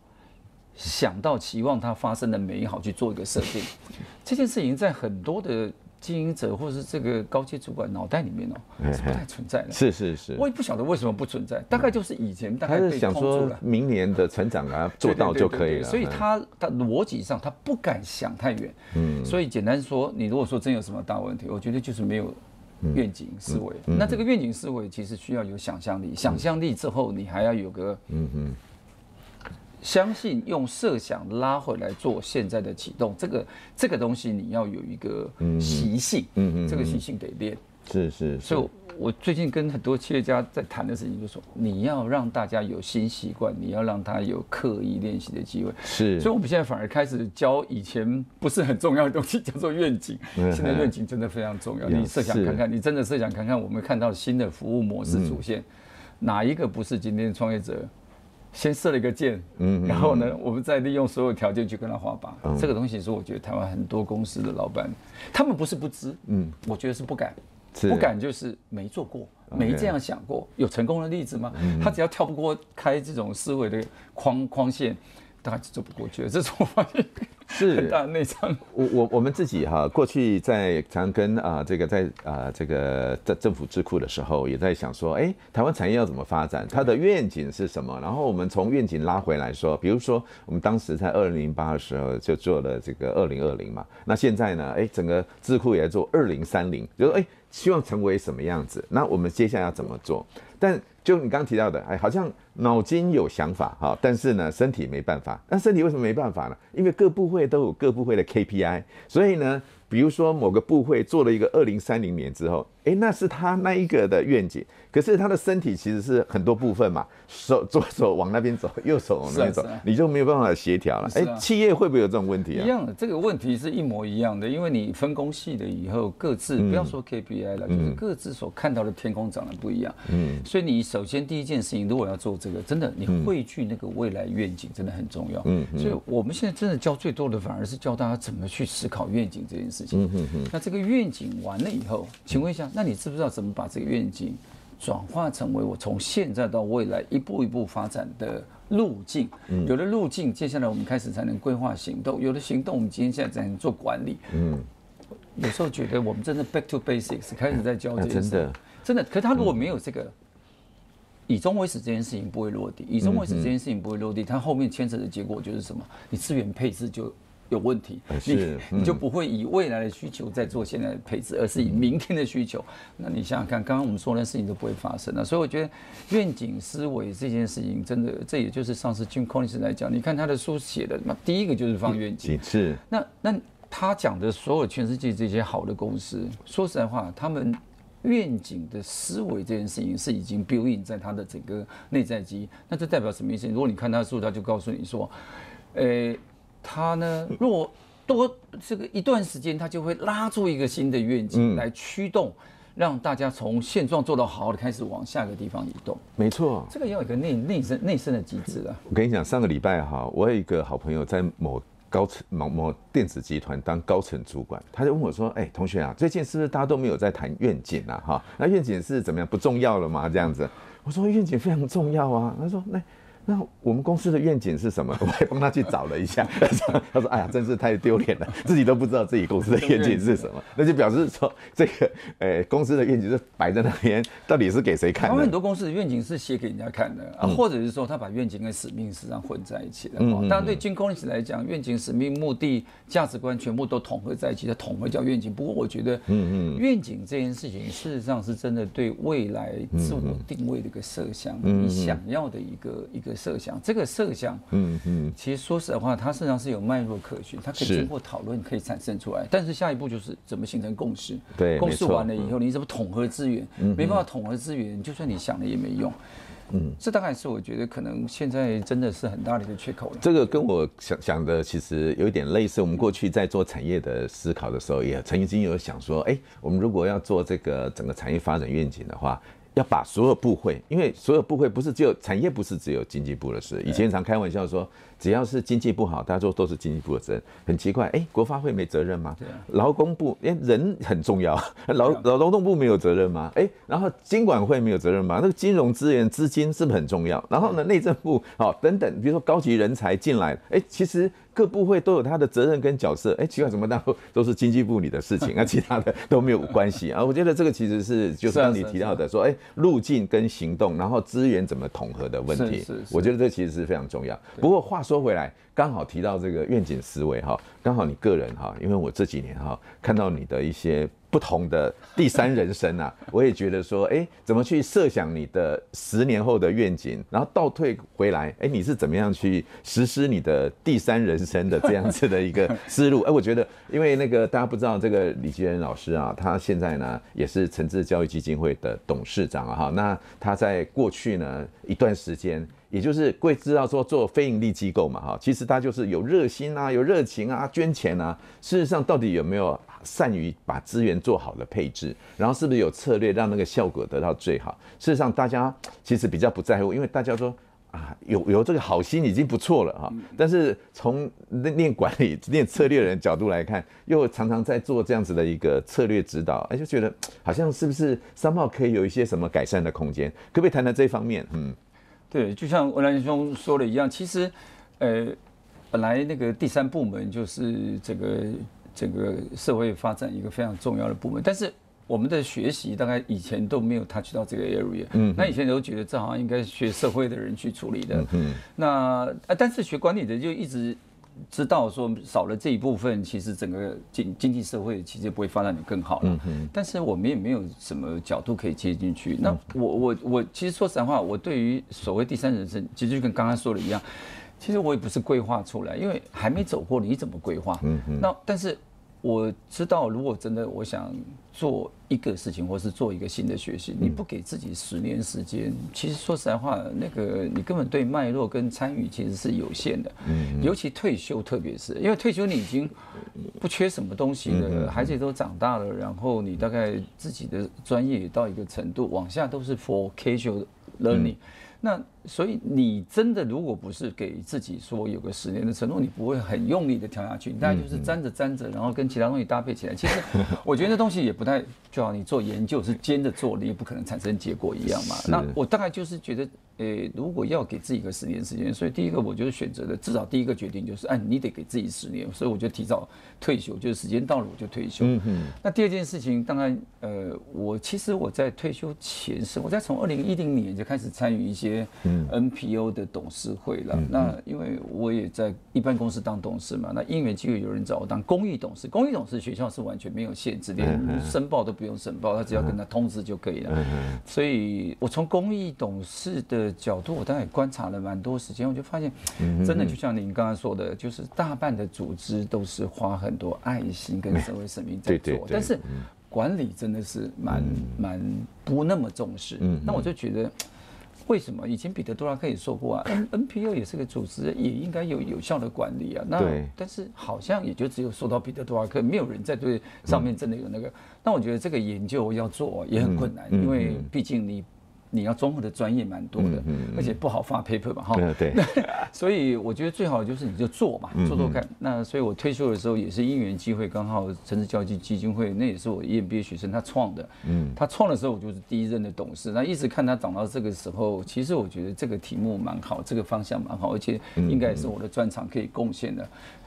S2: 想到期望它發生的美好去做一個設定。嗯、 *laughs* 這件事情在很多的。經營者或是這個高階主管腦袋裡面哦、喔、是不太存
S1: 在的，是是是，我也
S2: 不曉得為什麼不存在，大概就是以前大概想說
S1: 明年的成長啊，做到就可以了，所以他
S2: 他邏輯上他不敢想太遠。嗯，所以簡單說，你如果說真有什麼大問題，我覺得就是沒有願景思維。那這個願景思維其實需要有想象力，想象力之後你還要有個嗯嗯。相信用設想拉回來做現在的啟動，這個這個東西你要有一個習性嗯嗯嗯嗯，這個習性得練。嗯嗯嗯
S1: 是，是是，所
S2: 以我，我最近跟很多企業家在談的事情就是，就說你要讓大家有新習慣，你要讓他有刻意練習的機會。是，所以我們現在反而開始教以前不是很重要的東西，叫做願景。 *laughs* 現在願景真的非常重要。 *laughs* 你設想看看，是你真的設想看看，我們看到新的服務模式出現，嗯，哪一個不是今天的創業者？先射了一個箭，
S1: 嗯，然後呢，
S2: 我們再利用所有條件去跟他畫靶。嗯，這個東西是我覺得臺灣很多公司的老闆，嗯，他們不是不知，嗯，我覺得是不敢，啊，不敢就是沒做過，沒這樣想過。Okay. 有成功的例子嗎？他只要跳不過開這種思維的框框線，他就走不過去了。這是我發現。 *laughs*
S1: 是很大內傷。我我我們自己哈、啊，過去在常跟啊、呃、這個在啊、呃、這個政政府智庫的時候，也在想說，哎，台灣產業要怎麼發展，它的願景是什麼？然後我們從願景拉回來說，比如說我們當時在二零零八的時候就做了這個二零二零嘛，那現在呢，哎，整個智庫也在做二零三零，就是哎，希望成為什麼樣子？那我們接下來要怎麼做？但就你剛剛提到的，哎，好像腦筋有想法哈，但是呢，身體沒辦法。那身體為什麼沒辦法呢？因為各部會，會都有各部會的 KPI，所以呢，比如說某個部會做了一個二零三零年之後。哎，那是他那一個的願景，可是他的身體其實是很多部分嘛，手左手往那邊走，右手往那邊走，啊、你就沒有辦法協調了。哎、啊，企業會不會有這種問題啊？一樣的。
S2: 這個問題是一模一樣的，因為你分工細了以後，各自、嗯、不要說 KPI 了，就是各自所看到的天空長得不一樣。嗯，所以你首先第一件事情，如果要做這個，真的你匯聚那個未來願景真的很重要。嗯嗯。所以我們現在真的教最多的反而是教大家怎麼去思考願景這件事情。嗯嗯。那這個願景完了以後，請問一下。那你知不知道怎麼把這個願景轉化成為我從現在到未來一步一步發展的路徑、嗯？有了路徑，接下來我們開始才能規劃行動。有了行動，我們今天現在才能做管理。
S1: 嗯，
S2: 有時候覺得我們真的 back to basics，開始在教這件事、啊、真的，真的。可他如果沒有這個以終為始這件事情，不會落地；以終為始這件事情不會落地，他後面牽扯的結果就是什麼？你資源配置就有問題，你你就不會以未來的需求在做現在的配置，而是以明天的需求。那你想想看，剛剛我們說那事情都不會發生了。所以我覺得，願景思維這件事情，真的，這也就是上次 Jim Collins 來講，你看他的書寫的，那第一個就是放願
S1: 景。是。
S2: 那那他講的所有全世界這些好的公司，說實在話，他們願景的思維這件事情是已經 build in 在他的整個內在基因。那這代表什麼意思？如果你看他的書，他就告訴你說，呃、欸。他呢？如果多這個一段時間，他就會拉出一個新的願景來驅動、嗯，讓大家從現狀做到好好的開始往下一個地方移動。
S1: 沒錯，
S2: 這個要有一個內內生內生的機制啊。
S1: 我跟你講，上個禮拜哈，我有一個好朋友在某高層某某電子集團當高層主管，他就問我說：“哎、欸，同學啊，最近是不是大家都沒有在談願景啊？”哈，那願景是怎麼樣？不重要了嗎？這樣子？”我說：“願景非常重要啊。”他說：“那、欸。”那我們公司的願景是什麼？我還幫他去找了一下， *laughs* 他說：“哎呀，真是太丟臉了，自己都不知道自己公司的願景是什麼。”那就表示說，這個、欸、公司的願景是擺在那邊，到底是給誰看的？他、啊、們很多
S2: 公司的願景是寫給人家看的、啊，或者是說他把願景跟使命事實上混在一起的。嗯、哦。當然，對金控一起來講，願景、使命、目的、價值觀全部都統合在一起的統合叫願景。不過，我覺得，嗯嗯，願景這件事情，事實上是真的對未來自我定位的一個設想，你想要的一個一個。設想這個設想，嗯嗯，其實說實話，嗯嗯、它事實上是有脈絡可循，它可以經過討論，可以產生出來。但是下一步就是怎麼形成共識？
S1: 對，共識完了以後，
S2: 嗯、你怎麼統合資源？嗯、沒辦法統合資源，嗯、就算你想了也沒用。嗯，這大概是我覺得可能現在真的是很大的一個缺口。
S1: 這個跟我想想的其實有一點類似。我們過去在做產業的思考的時候，也曾經有想說：哎、欸，我們如果要做這個整個產業發展願景的話。要把所有部會，因為所有部會不是只有產業，不是只有經濟部的事。以前常開玩笑說。只要是經濟不好，大家說都,都是經濟部的責任，很奇怪，哎、欸，國發會沒責任嗎？勞、啊、工部，哎、欸，人很重要，勞勞動部沒有責任嗎？哎、欸，然後金管會沒有責任嗎？那個金融資源資金是不是很重要？然後呢，內政部，好、哦，等等，比如說高級人才進來，哎、欸，其實各部會都有他的責任跟角色，哎、欸，奇怪，怎麼都都是經濟部裡的事情，那、 *laughs* 啊、其他的都沒有關係啊？我覺得這個其實是就是跟你提到的說，哎、欸，路徑跟行動，然後資源怎麼統合的問題，是是,是，我覺得這其實是非常重要。不過話。說回來，剛好提到這個願景思維哈，剛好你個人哈，因為我這幾年哈看到你的一些不同的第三人生啊， *laughs* 我也覺得說，哎、欸，怎麼去設想你的十年後的願景，然後倒退回來，哎、欸，你是怎麼樣去實施你的第三人生的這樣子的一個思路？哎、 *laughs* 欸，我覺得，因為那個大家不知道這個李吉仁老師啊，他現在呢也是誠致教育基金會的董事長啊哈，那他在過去呢一段時間。也就是會知道說做非營利機構嘛，哈，其實他就是有熱心啊，有熱情啊，捐錢啊。事實上，到底有沒有善於把資源做好的配置，然後是不是有策略讓那個效果得到最好？事實上，大家其實比較不在乎，因為大家說啊，有有這個好心已經不錯了，哈。但是從念管理、念策略人角度來看，又常常在做這樣子的一個策略指導，而且覺得好像是不是 somehow 可以有一些什麼改善的空間？可不可以談談這一方面？嗯。
S2: 對，就像文蘭兄說的一樣，其實，呃，本來那個第三部門就是這個這個社會發展一個非常重要的部門，但是我們的學習大概以前都沒有 touch 到這個 area，嗯、那以前都覺得這好像應該學社會的人去處理的，嗯，那但是學管理的就一直。知道說少了這一部分，其實整個經經濟社會其實不會發展得更好了。嗯。但是我們也沒有什麼角度可以接進去。那我我我，其實說實在話，我對於所謂第三人生，其實就跟剛剛說的一樣，其實我也不是規劃出來，因為還沒走過，你怎麼規劃？嗯嗯。那但是。我知道，如果真的我想做一個事情，或是做一個新的學習，你不給自己十年時間，其實說實在話，那個你根本對脈絡跟參與其實是有限的。尤其退休，特別是因為退休你已經不缺什麼東西了，孩子也都長大了，然後你大概自己的專業也到一個程度，往下都是 for casual learning。那所以你真的如果不是給自己說有個十年的承諾，你不會很用力的跳下去。你大概就是粘着粘着，然後跟其他東西搭配起來。其實我覺得那東西也不太，就好像你做研究是兼着做，你也不可能產生結果一樣嘛。那我大概就是覺得，誒，如果要給自己個十年時間，所以第一個我覺得選擇的，至少第一個決定就是，哎，你得給自己十年。所以我就提早退休，就是時間到了我就退休。那第二件事情，當然，呃，我其實我在退休前是我在從二零一零年就開始參與一些。NPO 的董事會了，嗯，那因為我也在一般公司當董事嘛，嗯、那因為就有有人找我當公益董事，公益董事學校是完全沒有限制，連申報都不用申報，嗯、他只要跟他通知就可以了。嗯、所以，我從公益董事的角度，我當然也觀察了蠻多時間，我就發現，真的就像您剛剛說的，嗯，就是大半的組織都是花很多愛心跟社會使命在做，嗯，但是管理真的是蠻、嗯、蠻不那麼重視。嗯、那我就覺得。為什麼以前彼得·杜拉克也說過啊？NPO 也是個組織，也應該有有效的管理啊。那但是好像也就只有說到彼得·杜拉克，沒有人在對上面真的有那個。嗯、那我覺得這個研究要做也很困難，嗯嗯嗯、因為畢竟你。你要綜合的專業蠻多的嗯嗯嗯，而且不好發 paper 吧？哈，對。 *laughs* 所以我覺得最好就是你就做嘛，做做看嗯嗯。那所以我退休的時候也是因緣機會，剛好誠致教育基金會那也是我 EMBA 畢業學生他創的。嗯、他創的時候我就是第一任的董事，那一直看他長到這個時候，其實我覺得這個題目蠻好，這個方向蠻好，而且應該也是我的專長可以貢獻的。嗯嗯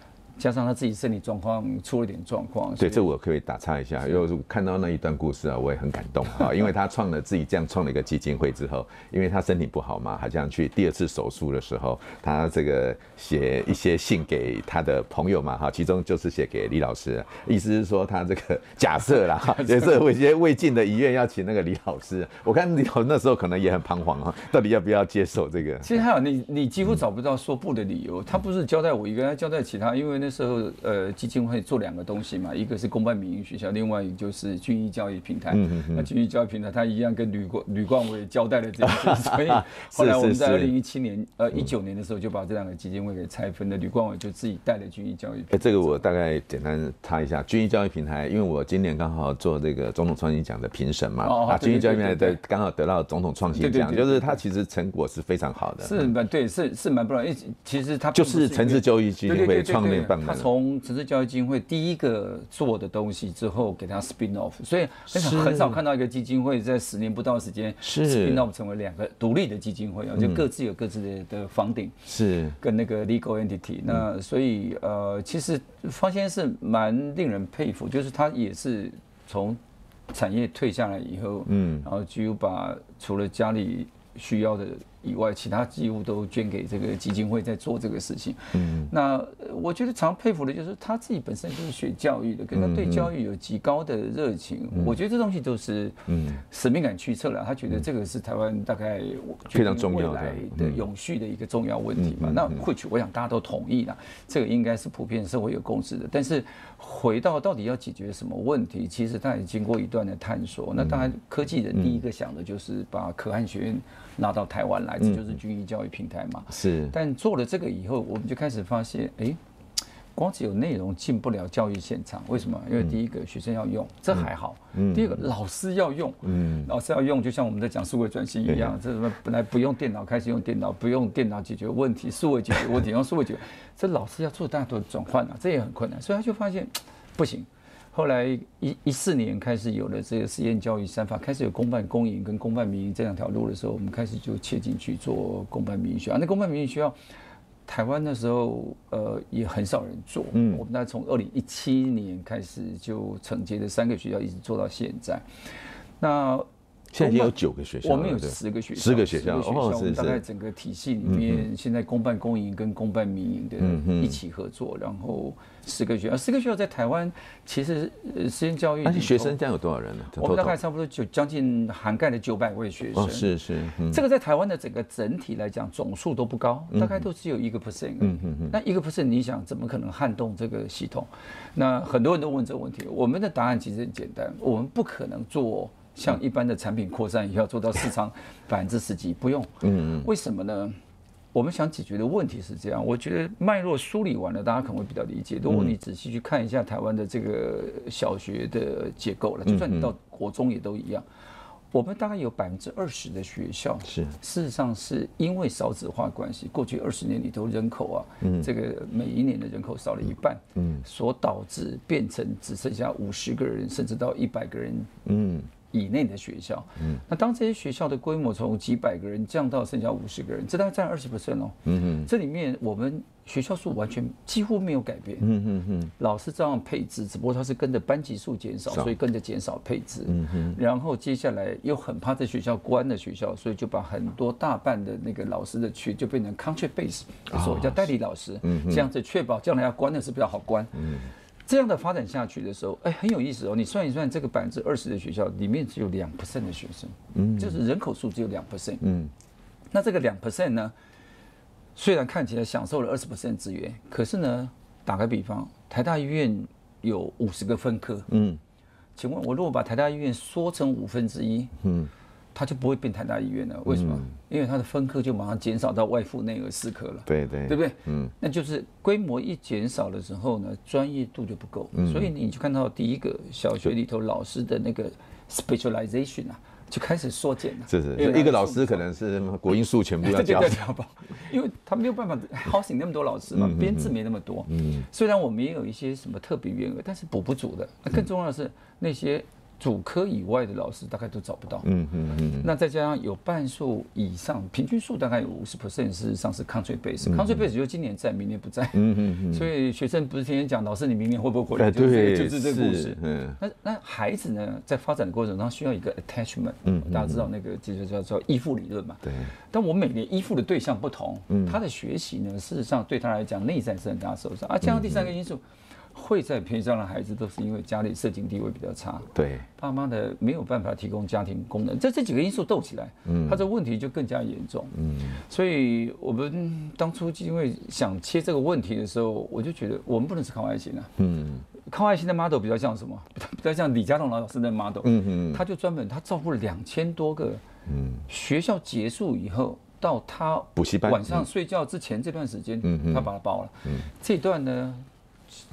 S2: 加上他自己身體狀況出了點狀況，對，這我
S1: 可以打岔一下，因為我看到那一段故事啊，我也很感動啊，因為他創了自己這樣創了一個基金會之後，因為他身體不好嘛，好像去第二次手術的時候，他這個寫一些信給他的朋友嘛，哈，其中就是寫給李老師，意思是說他這個假設啦，哈，假設我一些未盡的遺願要請那個李老師，我看李老師那時候可能也很彷徨啊，到底要不要接受這個？其實
S2: 還好，你你幾乎找不到說不的理由，他不是交代我一個人，他交代其他，因為那。時、嗯、候，呃、嗯，基金會做兩個東西嘛，一個是公辦民營學校，另外一個就是均一教育平台。那均一教育平台，他一樣跟呂冠呂冠緯交代了這個事 *laughs* 以後來我們在二零一七年是是是呃一九年的時候就把這兩個基金會給拆分了。呂冠緯就自己帶了均一教育平
S1: 台、欸。這個我大概簡單插一下，均一教育平台，因為我今年剛好做這個總統創新獎的評審嘛哦哦，啊，均一教育平台剛好得到總統創新獎，就是它其實成果是非常好的。對對
S2: 對對對對嗯、是蠻對，是是蠻不容易，其實它就是誠致教育基金會創立。他從誠致教育基金會第一個做的東西之後，給他 spin off，所以很，很少看到一個基金會在十年不到的時間 spin off 成為兩個獨立的基金會，就各自有各自的 funding，是跟那個 legal entity。那所以呃，其實方先生是蠻令人佩服，就是他也是從產業退下來以後，嗯，然後就把除了家裡需要的。以外，其他幾乎都捐給這個基金會在做這個事情。嗯，那我覺得常佩服的就是他自己本身就是學教育的，跟他對教育有極高的熱情。嗯、我覺得這東西都是嗯使命感驅策了、嗯。他覺得這個是台灣大概非常重要的、的永續的一個重要問題嘛、嗯。那或許我想大家都同意啦，這個應該是普遍社會有共識的。但是回到到底要解決什麼問題，其實他也經過一段的探索。那當然科技人第一個想的就是把可汗學院。拿到台灣來，這就是均一教育平台嘛、嗯。是，但做了這個以後，我們就開始發現，哎、欸，光是有內容進不了教育現場，為什麼？因為第一個學生要用，這還好；嗯、第二個老師要用，老師要用，嗯、要用就像我們在講數位轉型一樣、嗯，這什麼本來不用電腦，開始用電腦，不用電腦解決問題，數位解決問題，用數位解決， *laughs* 這老師要做大多轉換啊，這也很困難，所以他就發現不行。後來，一一四年開始有了這個實驗教育三法，開始有公辦公營跟公辦民營這兩條路的時候，我們開始就切入去做公辦民營學校。那公辦民營學校，台灣那時候呃也很少人做，嗯，我們大概從二零一七年開始就承接的三個學校一直做到現在，那。
S1: 現在已經有九個學校，我們有十個,十個學校，十個學校、哦是是，我們大概
S2: 整個體系裡面，現在公辦、公營跟公辦民營的，一起合作、嗯，然後十個學校，校、嗯、十個學校在台灣其實呃，實驗教育，那、啊、學生這樣有多少
S1: 人呢？我們大概差
S2: 不多就將近涵蓋了九百位學生，哦、是
S1: 是、嗯，這個
S2: 在台灣的整個整體來講，總數都不高，大概都只有一個 percent，嗯嗯嗯，那一個 percent，你想怎麼可能撼動這個系統？那很多人都問這個問題，我們的答案其實很簡單，我們不可能做。像一般的產品擴散也要做到市場百分之十幾，不用。嗯，為什麼呢？我們想解決的問題是這樣，我覺得脈絡梳理完了，大家可能會比較理解。如果你仔細去看一下台灣的這個小學的結構了，就算你到國中也都一樣。我們大概有百分之二十的學校是，事實上是因為少子化關係，過去二十年裡頭人口啊，這個每一年的人口少了一半，嗯，所導致變成只剩下五十個人，甚至到一百個人，嗯。以內的學校，嗯，那當這些學校的規模從幾百個人降到剩下五十個人，這大概占二十%哦，嗯哼、嗯，這裡面我們學校數完全幾乎沒有改變，
S1: 嗯，嗯，嗯，
S2: 嗯，老師這樣配置，只不過他是跟着班級數減少，少，所以跟着減少配置，嗯，嗯，嗯，然後接下來又很怕這學校關的學校，所以就把很多大半的那個老師的區就變成 country base，所、哦、謂、就是、叫代理老師，嗯，嗯，這樣子確保將來要關的是比較好關，嗯。這樣的發展下去的時候，哎、欸，很有意思哦。你算一算，這個百分之二十的學校裡面只有兩 percent 的學生，嗯，就是人口數只有兩 percent，嗯。那這個兩 percent 呢，雖然看起來享受了二十 percent 資源，可是呢，打個比方，台大醫院有五十個分科，嗯，請問我如果把台大醫院縮成五分之一，嗯。他就不會變台大醫院了，為什麼、嗯？因為他的分科就馬上減少到外婦內兒四科了，對對，對不對？嗯，那就是規模一減少的時候呢，專業度就不夠、嗯，所以你就看到第一個小學裡頭老師的那個 specialization 啊，就開始縮減了，是是，因為一個老師
S1: 可能是國英數全部要加加
S2: 吧，嗯、 *laughs* 因為他沒有辦法 house 那麼多老師嘛，編、嗯、制沒那麼多嗯，嗯，雖然我們也有一些什麼特別員額，但是補不足的，更重要的是那些。主科以外的老師大概都找不到嗯。嗯嗯嗯。那再加上有半數以上，平均數大概有五十 percent 事實上，是 country base，country base、嗯、就今年在，明年不在。嗯嗯，嗯所以學生不是天天講，老師你明年會不會回來？就是就是這個？就是這個故事。嗯。那那孩子呢，在發展的過程中他需要一個 attachment，、嗯嗯、大家知道那個、嗯嗯、就是叫叫依附理論嘛。對。但我每年依附的對象不同，嗯、他的學習呢，事實上對他來講內在是很大受傷、嗯。啊，加上第三個因素。嗯嗯會在偏鄉的孩子都是因為家裡社經地位比較差，對爸媽的沒有辦法提供家庭功能，在這這幾個因素鬥起來，嗯，他這問題就更加嚴重，嗯，所以我們當初因為想切這個問題的時候，我就覺得我們不能是靠愛心啊，
S1: 嗯，
S2: 靠愛心的 model 比較像什麼？比較像李家棟老師那 model，嗯，嗯他就專門他照顧兩千多個，嗯，學校結束以後到他補習班晚上睡覺之前這段時間，嗯他把它包了，嗯，嗯嗯這段呢。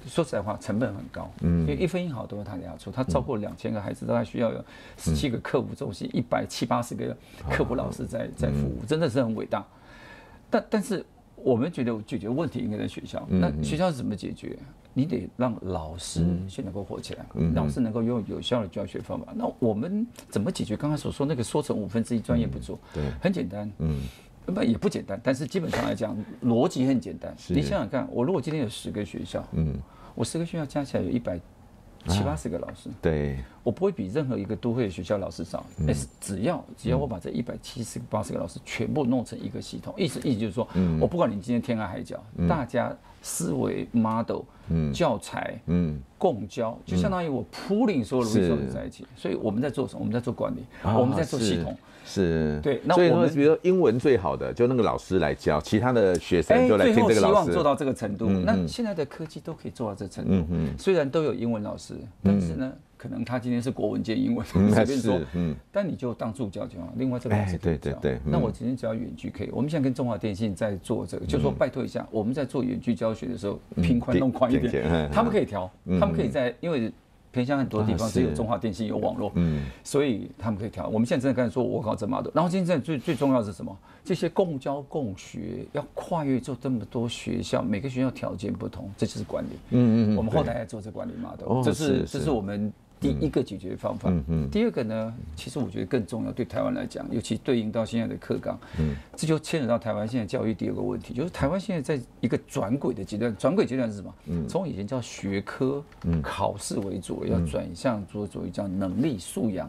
S2: 說實在話，成本很高，嗯，因為一分一毫都是他壓出。他超過兩千個孩子，他、嗯、還需要有十七個客服中心，一百七八十個客服老師在、啊、在服務、嗯，真的是很偉大。但但是我們覺得解決問題應該在學校、嗯。那學校是怎麼解決？你得讓老師先能夠活起來、嗯，老師能夠用有效的教學方法。那我們怎麼解決？剛才所說那個說成五分之一，專業不足、嗯，對，很簡單，嗯。那也不簡單，但是基本上來講，邏輯很簡單。你想想看，我如果今天有十個學校，嗯、我十個學校加起來有一百七八十個老師、啊，對，我不會比任何一個都會的學校老師少。嗯、但是只要只要我把這一百七十八十個老師全部弄成一個系統，意思意思就是說、嗯，我不管你今天天涯海角、嗯，大家思維 model、嗯、教材、嗯、共交，就相當於我 pulling 所有的老師在一起。所以我們在做什麼？我們在做管理，啊、我們在做系統。
S1: 是，對，那我們，比如說英文最好的就那個老師來教，其他的學生就來聽這個老師。希望做到這個程度，嗯嗯，那
S2: 現在的科技都可以做到這個程度。嗯，嗯，雖然都有英文老師，嗯，但是呢，可能他今天是國文兼英文，隨、嗯、便說。嗯。但你就當助教就好。另外，這個老師。哎、欸，對對對。嗯、那我今天只要遠距可以。我們現在跟中華電信在做這個，嗯、就說拜托一下，我們在做遠距教學的時候，頻寬弄寬一點聽聽聽聽，他們可以調、嗯，他們可以在，嗯、因為。偏鄉很多地方只有中華電信有網絡，所以他們可以調。我們現在正在跟你說我搞這麼多，然後現在最最重要的是什麼？這些共交共學要跨越做這麼多學校，每個學校條件不同，這就是管理。嗯，我們後台還做這管理嘛，這是這是我們。嗯、第一個解決方法。嗯，第二個呢？其實我覺得更重要，對台灣來講，尤其對應到現在的課綱。嗯，這就牽扯到台灣現在教育第二個問題，就是台灣現在在一個轉軌的階段。轉軌階段是什麼？從以前叫學科、嗯、考試為主，要轉向做主要叫能力素養，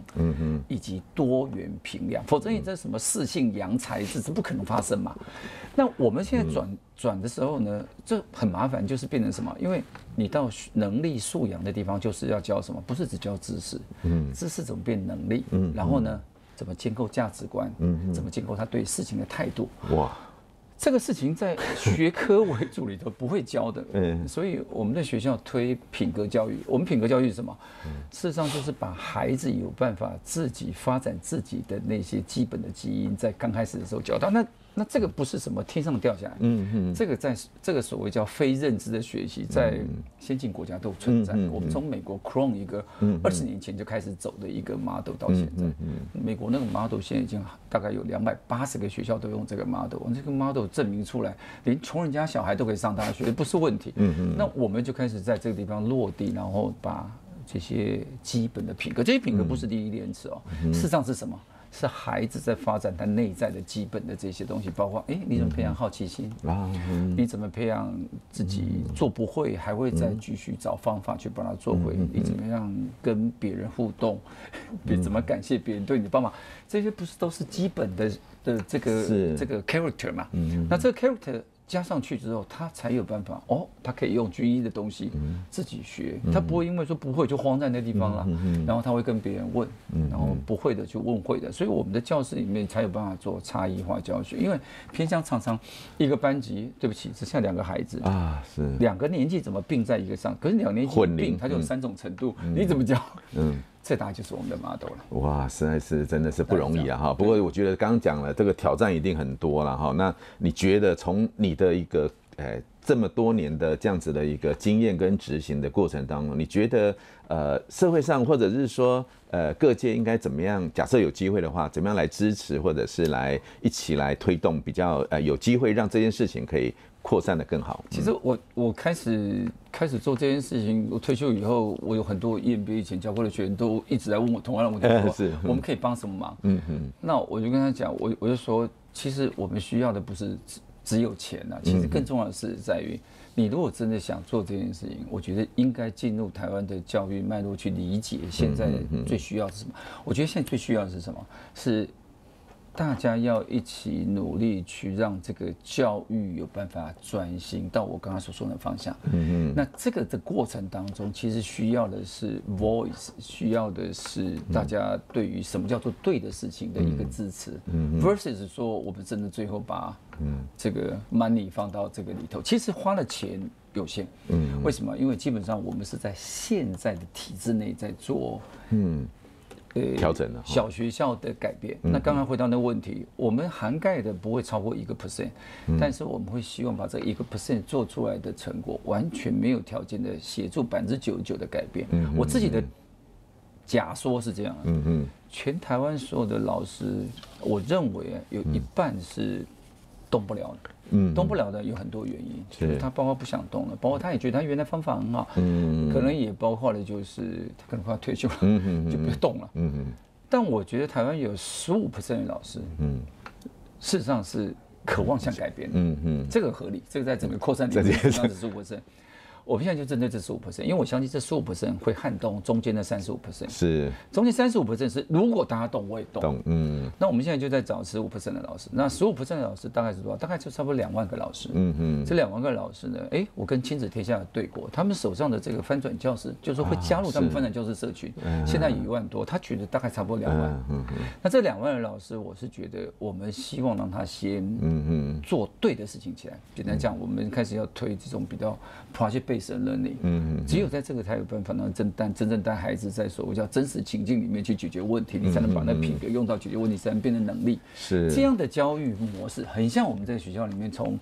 S2: 以及多元評量。否則，你這是什麼適性揚才，這是不可能發生嘛。那我們現在轉。嗯轉的時候呢，這很麻煩，就是變成什麼？因為你到能力素養的地方，就是要教什麼？不是只教知識，嗯，知識怎麼變能力？嗯，然後呢，怎麼建構價值觀？嗯，怎麼建構他對事情的態度？
S1: 哇，
S2: 這個事情在學科為主裡頭不會教的，嗯，所以我們在學校推品格教育。我們品格教育是什麼？事實上就是把孩子有辦法自己發展自己的那些基本的基因，在剛開始的時候教到那。那這個不是什麼天上掉下來，嗯嗯，這個在這個所謂叫非認知的學習、嗯，在先進國家都存在。嗯、我們從美國 clone 一個二十年前就開始走的一個 model 到現在，嗯、美國那個 model 現在已經大概有兩百八十個學校都用這個 model。這個 model 證明出來，連窮人家小孩都可以上大學，不是問題、嗯。那我們就開始在這個地方落地，然後把這些基本的品格，這些品格不是禮義廉恥哦、嗯，事實上是什麼？是孩子在發展他內在的基本的這些東西，包括誒你怎麼培養好奇心？啊、欸，你怎麼培養、嗯啊嗯，自己做不會還會再繼續找方法去把它做會、嗯嗯嗯嗯？你怎麼樣跟別人互動？你怎麼感謝別人對你的幫忙？這些不是都是基本的的這個這個 character 嘛、嗯嗯？那這個 character。加上去之後，他才有辦法哦，他可以用均一的東西自己學，他不會因為說不會就慌在那地方了、啊，然後他會跟別人問，然後不會的就問會的，所以我們的教室裡面才有辦法做差異化教學，因為偏鄉常常一個班級，對不起，只剩兩個孩子啊，是兩個年級怎麼併在一個上，可是兩年級混齡，它就有三種程度，你怎麼教、啊？這當然就是我們的 model
S1: 了。哇，實在是真的是不容易啊！哈，不過我覺得剛剛講了，這個挑戰一定很多了哈。那你覺得從你的一個誒、呃、這麼多年的這樣子的一個經驗跟執行的過程當中，你覺得呃社會上或者是說呃各界應該怎麼樣？假設有機會的話，怎麼樣來支持或者是來一起來推動比較呃有機會讓這件事情可以。擴散的更好。嗯、
S2: 其實我我開始開始做這件事情，我退休以後，我有很多，EMBA、以前教過的學員都一直在問我，同樣的問題的話， *laughs* 我們可以幫什麼忙？嗯嗯。那我就跟他講，我我就說，其實我們需要的不是只只有錢啊，其實更重要的是在於，嗯，你如果真的想做這件事情，我覺得應該進入台灣的教育脈絡去理解現在最需要的是什麼，嗯。我覺得現在最需要的是什麼？是。大家要一起努力去讓這個教育有辦法轉型到我剛剛所說的方向。嗯嗯。那這個的過程當中，其實需要的是 voice，需要的是大家對於什麼叫做對的事情的一個支持。Mm -hmm. versus 說我們真的最後把這個 money 放到這個裡頭，其實花了錢有限。Mm -hmm. 為什麼？因為基本上我們是在現在的體制內在做。嗯、mm
S1: -hmm.。調整了小
S2: 學校的改變。嗯、那剛剛回到那個問題，我們涵蓋的不會超過一個 percent，但是我們會希望把這一個 percent 做出來的成果，完全沒有條件的協助百分之九十九的改變。嗯。我自己的假說是這樣，嗯嗯，全台灣所有的老師，我認為有一半是。動不了的，嗯，動不了的有很多原因，嗯嗯，就是他包括不想動了，包括他也覺得他原來方法很好，嗯，嗯，嗯可能也包括了就是他可能快要退休了，嗯，嗯嗯，就不要動了，嗯嗯。但我覺得台灣有十五%的老師，
S1: 嗯，
S2: 事實上是渴望想改變的，嗯嗯，這個合理，這個在整個擴散裡面，張、嗯嗯、算是十五%。 *laughs* 我們現在就針對這十五%，因為我相信這十五%會撼動中間的三十五%，是，中間三十五%是如果大家懂，我也懂，懂。嗯。那我們現在就在找十五%的老師那，那十五%的老師大概是多少？大概就差不多兩萬個老師嗯。嗯嗯。這兩萬個老師呢，哎，我跟親子天下對過，他們手上的這個翻轉教師，就是說會加入他們翻轉教師社群、啊，現在有一萬多，他取的大概差不多兩萬嗯。嗯嗯、嗯。那這兩萬的老師，我是覺得我們希望讓他先，嗯嗯，做對的事情起來。簡單講，我們開始要推這種比較 project 生嗯
S1: 嗯，
S2: 只有在這個才有辦法，真真正帶孩子在所謂叫真實情境裡面去解決問題，你才能把那品格用到解決問題，才能變成能力、嗯嗯嗯。是這樣的教育模式，很像我們在學校裡面從，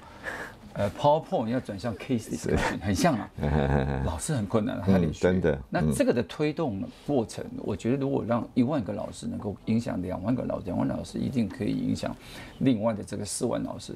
S2: 呃，PowerPoint 要轉向 Case，的很像啊、嗯。老師很困難他裡，他、嗯、得
S1: 真的、嗯。那這個
S2: 的推動過程，我覺得如果讓一萬個老師能夠影響兩萬個老，兩萬老師一定可以影響另外的這個四萬老師。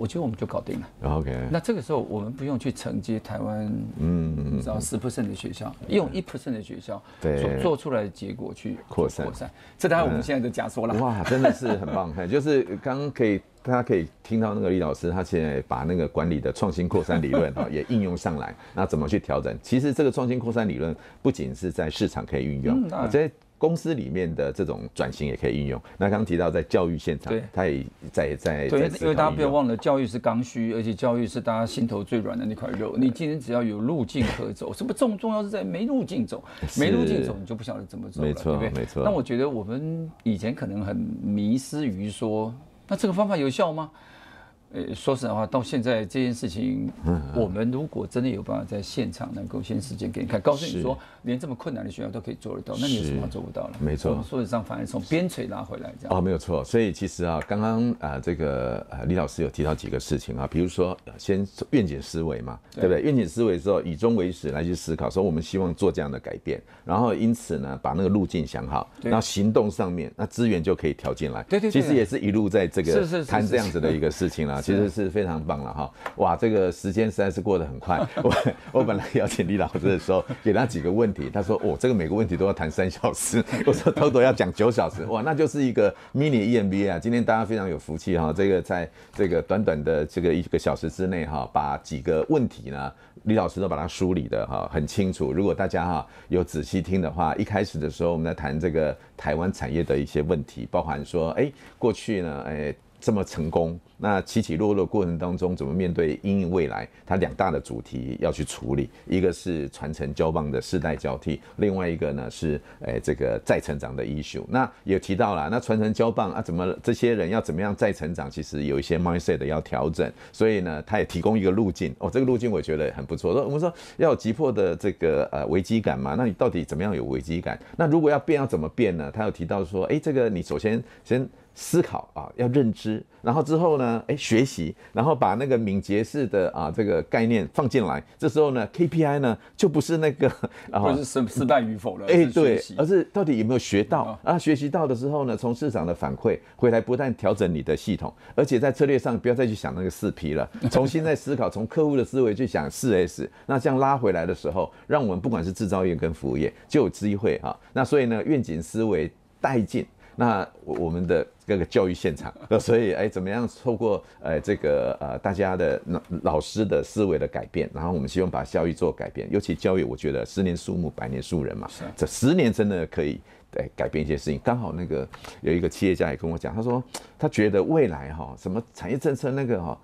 S2: 我覺得我們就搞定
S1: 了。OK。那
S2: 這個時候我們不用去承接台灣，嗯，只要十 percent 的學校，嗯、用一 percent 的學校，對，所做出來的結果去擴散，擴散嗯、這當、個、然我們現在的假說了。哇，真的是很棒，
S1: *laughs* 就是剛剛可以，大家可以聽到那個李老師，他現在把那個管理的創新擴散理論啊，也應用上來。 *laughs* 那怎麼去調整？其實這個創新擴散理論不僅是在市場可以運用，嗯公司裡面的這種轉型也可以運用。那剛提到在教育現場，對，他也在在，對在思考運用。因為大家不要
S2: 忘了，教育是剛需，而且教育是大家心頭最軟的那塊肉。你今天只要有路徑可走， *laughs* 什麼重重要是在沒路徑走，沒路徑走你就不曉得怎麼走，對不對？沒錯。那我覺得我們以前可能很迷思於說，那這個方法有效嗎？呃，說實話，到現在這件事情、嗯，我們如果真的有辦法在現場能夠先實踐給你看，告訴你說連這麼困難的學校都可以做得到，那你有什麼做不到了？沒錯，所以事實上反而從邊陲拉回來這
S1: 樣。哦，沒有錯。所以其實啊，剛剛啊、呃，這個、呃、李老師有提到幾個事情啊，比如說先願景思維嘛，對，對不對？願景思維之後以終為始來去思考，說我們希望做這樣的改變。然後因此呢，把那個路徑想好，然後行動上面，那資源就可以調進來。對對、對、對。其實也是一路在這個對對對談這樣子的一個事情了、啊。其實是非常棒了哈，哇，這個時間實在是過得很快。我我本來邀請李老師的時候，給他幾個問題，他說哦，這個每個問題都要談三小時。我說多多要講九小時，哇，那就是一個 mini EMBA 啊。今天大家非常有福氣哈，這個在這個短短的這個一個小時之內哈，把幾個問題呢，李老師都把它梳理得哈很清楚。如果大家哈有仔細聽的話，一開始的時候我們在談這個台灣產業的一些問題，包含說哎、欸、過去呢哎。欸這麼成功，那起起落落的過程當中，怎麼面對因應未來？它兩大的主題要去處理，一個是傳承交棒的世代交替，另外一個呢是誒、欸、這個再成長的 issue 那。那有提到了，那傳承交棒啊，怎麼這些人要怎麼樣再成長？其實有一些 mindset 要調整，所以呢，他也提供一個路徑。哦，這個路徑我覺得很不錯。說我們說要有急迫的這個呃危機感嘛，那你到底怎麼樣有危機感？那如果要變，要怎麼變呢？他有提到說，哎、欸，這個你首先先。思考啊，要認知，然後之後呢，哎，學習，然後把那個敏捷式的啊這個概念放進來。這時候呢，KPI 呢就不是那個，啊、不是失失
S2: 敗與否了，哎，對，而
S1: 是到底有沒有學到、嗯哦、啊？學習到的時候呢，從市場的反饋回來，不但調整你的系統，而且在策略上不要再去想那個四 P 了，重新再思考， *laughs* 從客戶的思維去想四 S。那這樣拉回來的時候，讓我們不管是製造業跟服務業就有機會哈、啊。那所以呢，願景思維帶進那我們的。各個教育現場，那所以哎、欸，怎麼樣透過呃、欸、這個呃大家的老老師的思維的改變，然後我們希望把教育做改變。尤其教育，我覺得十年樹木，百年樹人嘛，這十年真的可以、欸、改變一些事情。剛好那個有一個企業家也跟我講，他說他覺得未來哈，什麼產業政策那個哈。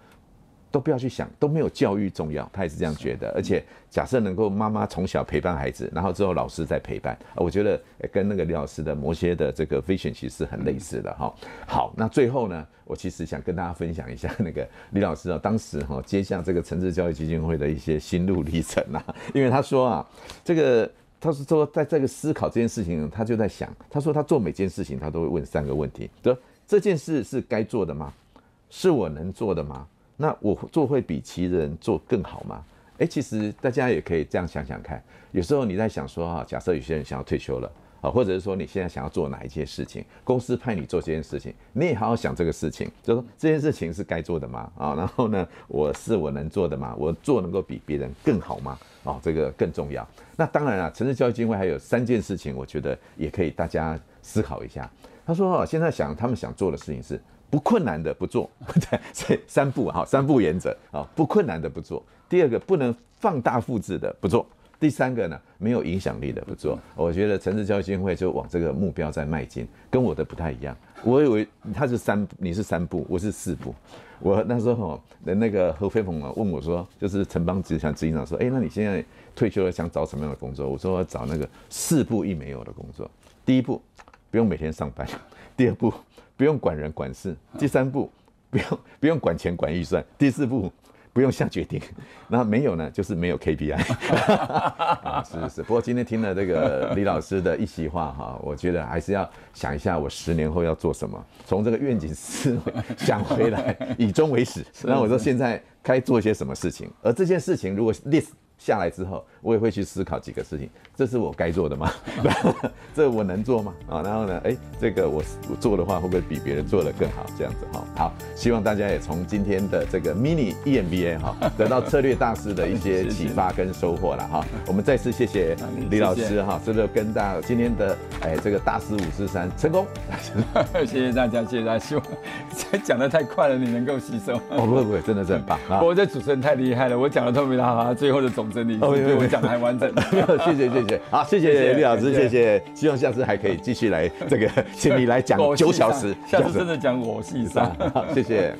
S1: 都不要去想，都沒有教育重要。他也是這樣覺得。而且假設能夠媽媽從小陪伴孩子，然後之後老師再陪伴，我覺得跟那個李老師的某些的這個 vision 其實是很類似的哈。好，那最後呢，我其實想跟大家分享一下那個李老師啊，當時哈接下這個誠致教育基金會的一些心路歷程啊。因為他說啊，這個他是說在這個思考這件事情，他就在想，他說他做每件事情他都會問三個問題：這件事是該做的嗎？是我能做的嗎？那我做會比其他人做更好嗎？誒、欸，其實大家也可以這樣想想看。有時候你在想說哈、啊，假設有些人想要退休了啊，或者是說你現在想要做哪一件事情，公司派你做這件事情，你也好好想這個事情，就說這件事情是該做的嗎？啊、哦，然後呢，我是我能做的嗎？我做能夠比別人更好嗎？啊、哦，這個更重要。那當然啊，誠致教育基金會還有三件事情，我覺得也可以大家思考一下。他說啊，現在想他們想做的事情是。不困難的不做，不對，這 *laughs* 三不哈，三不原則啊，不困難的不做。第二個，不能放大複製的不做。第三個呢，沒有影響力的不做、嗯。我覺得誠致教育基金會就往這個目標在邁進，跟我的不太一樣。我以為他是三不，你是三不，我是四不。我那時候，那個何飛鵬問我說，就是城邦集團執行長說，哎、欸，那你現在退休了想找什麼樣的工作？我說我找那個四不一沒有的工作。第一不，不用每天上班。第二不。不用管人管事，第三步不用不用管錢管預算，第四步不用下決定，那沒有呢就是沒有 KPI， *laughs* *laughs* 啊、是，是是。不過今天聽了這個李老師的一席話哈，我覺得還是要想一下我十年後要做什麼，從這個願景思維想回來，以終為始。那我說現在該做些什麼事情，而這件事情如果 list。下來之後，我也會去思考幾個事情，這是我該做的嗎？ *laughs* 這我能做嗎？啊，然後呢？哎、欸，這個我，我做的話，會不會比別人做的更好？這樣子哈。好，希望大家也從今天的這個 mini EMBA 哈，得到策略大師的一些啟發跟收穫了哈。我們再次謝謝李老師哈，真的跟大家今天的哎這個大師五十三成功。
S2: 謝謝大家，謝謝大家。
S1: 希望講的太快了，你能夠吸收。哦、不會不會，真的是很棒。我
S2: 這主持人太厲害了，我講的都沒他好，最後的總。完我講的還完整。oh, okay, okay. *laughs* 謝謝，謝謝，好，謝謝，謝，謝李老師謝謝，謝
S1: 謝，希望下次還可以繼續來這個，請你來講九小時，下次真的
S2: 講我系上， *laughs* 我系上， *laughs* 謝謝。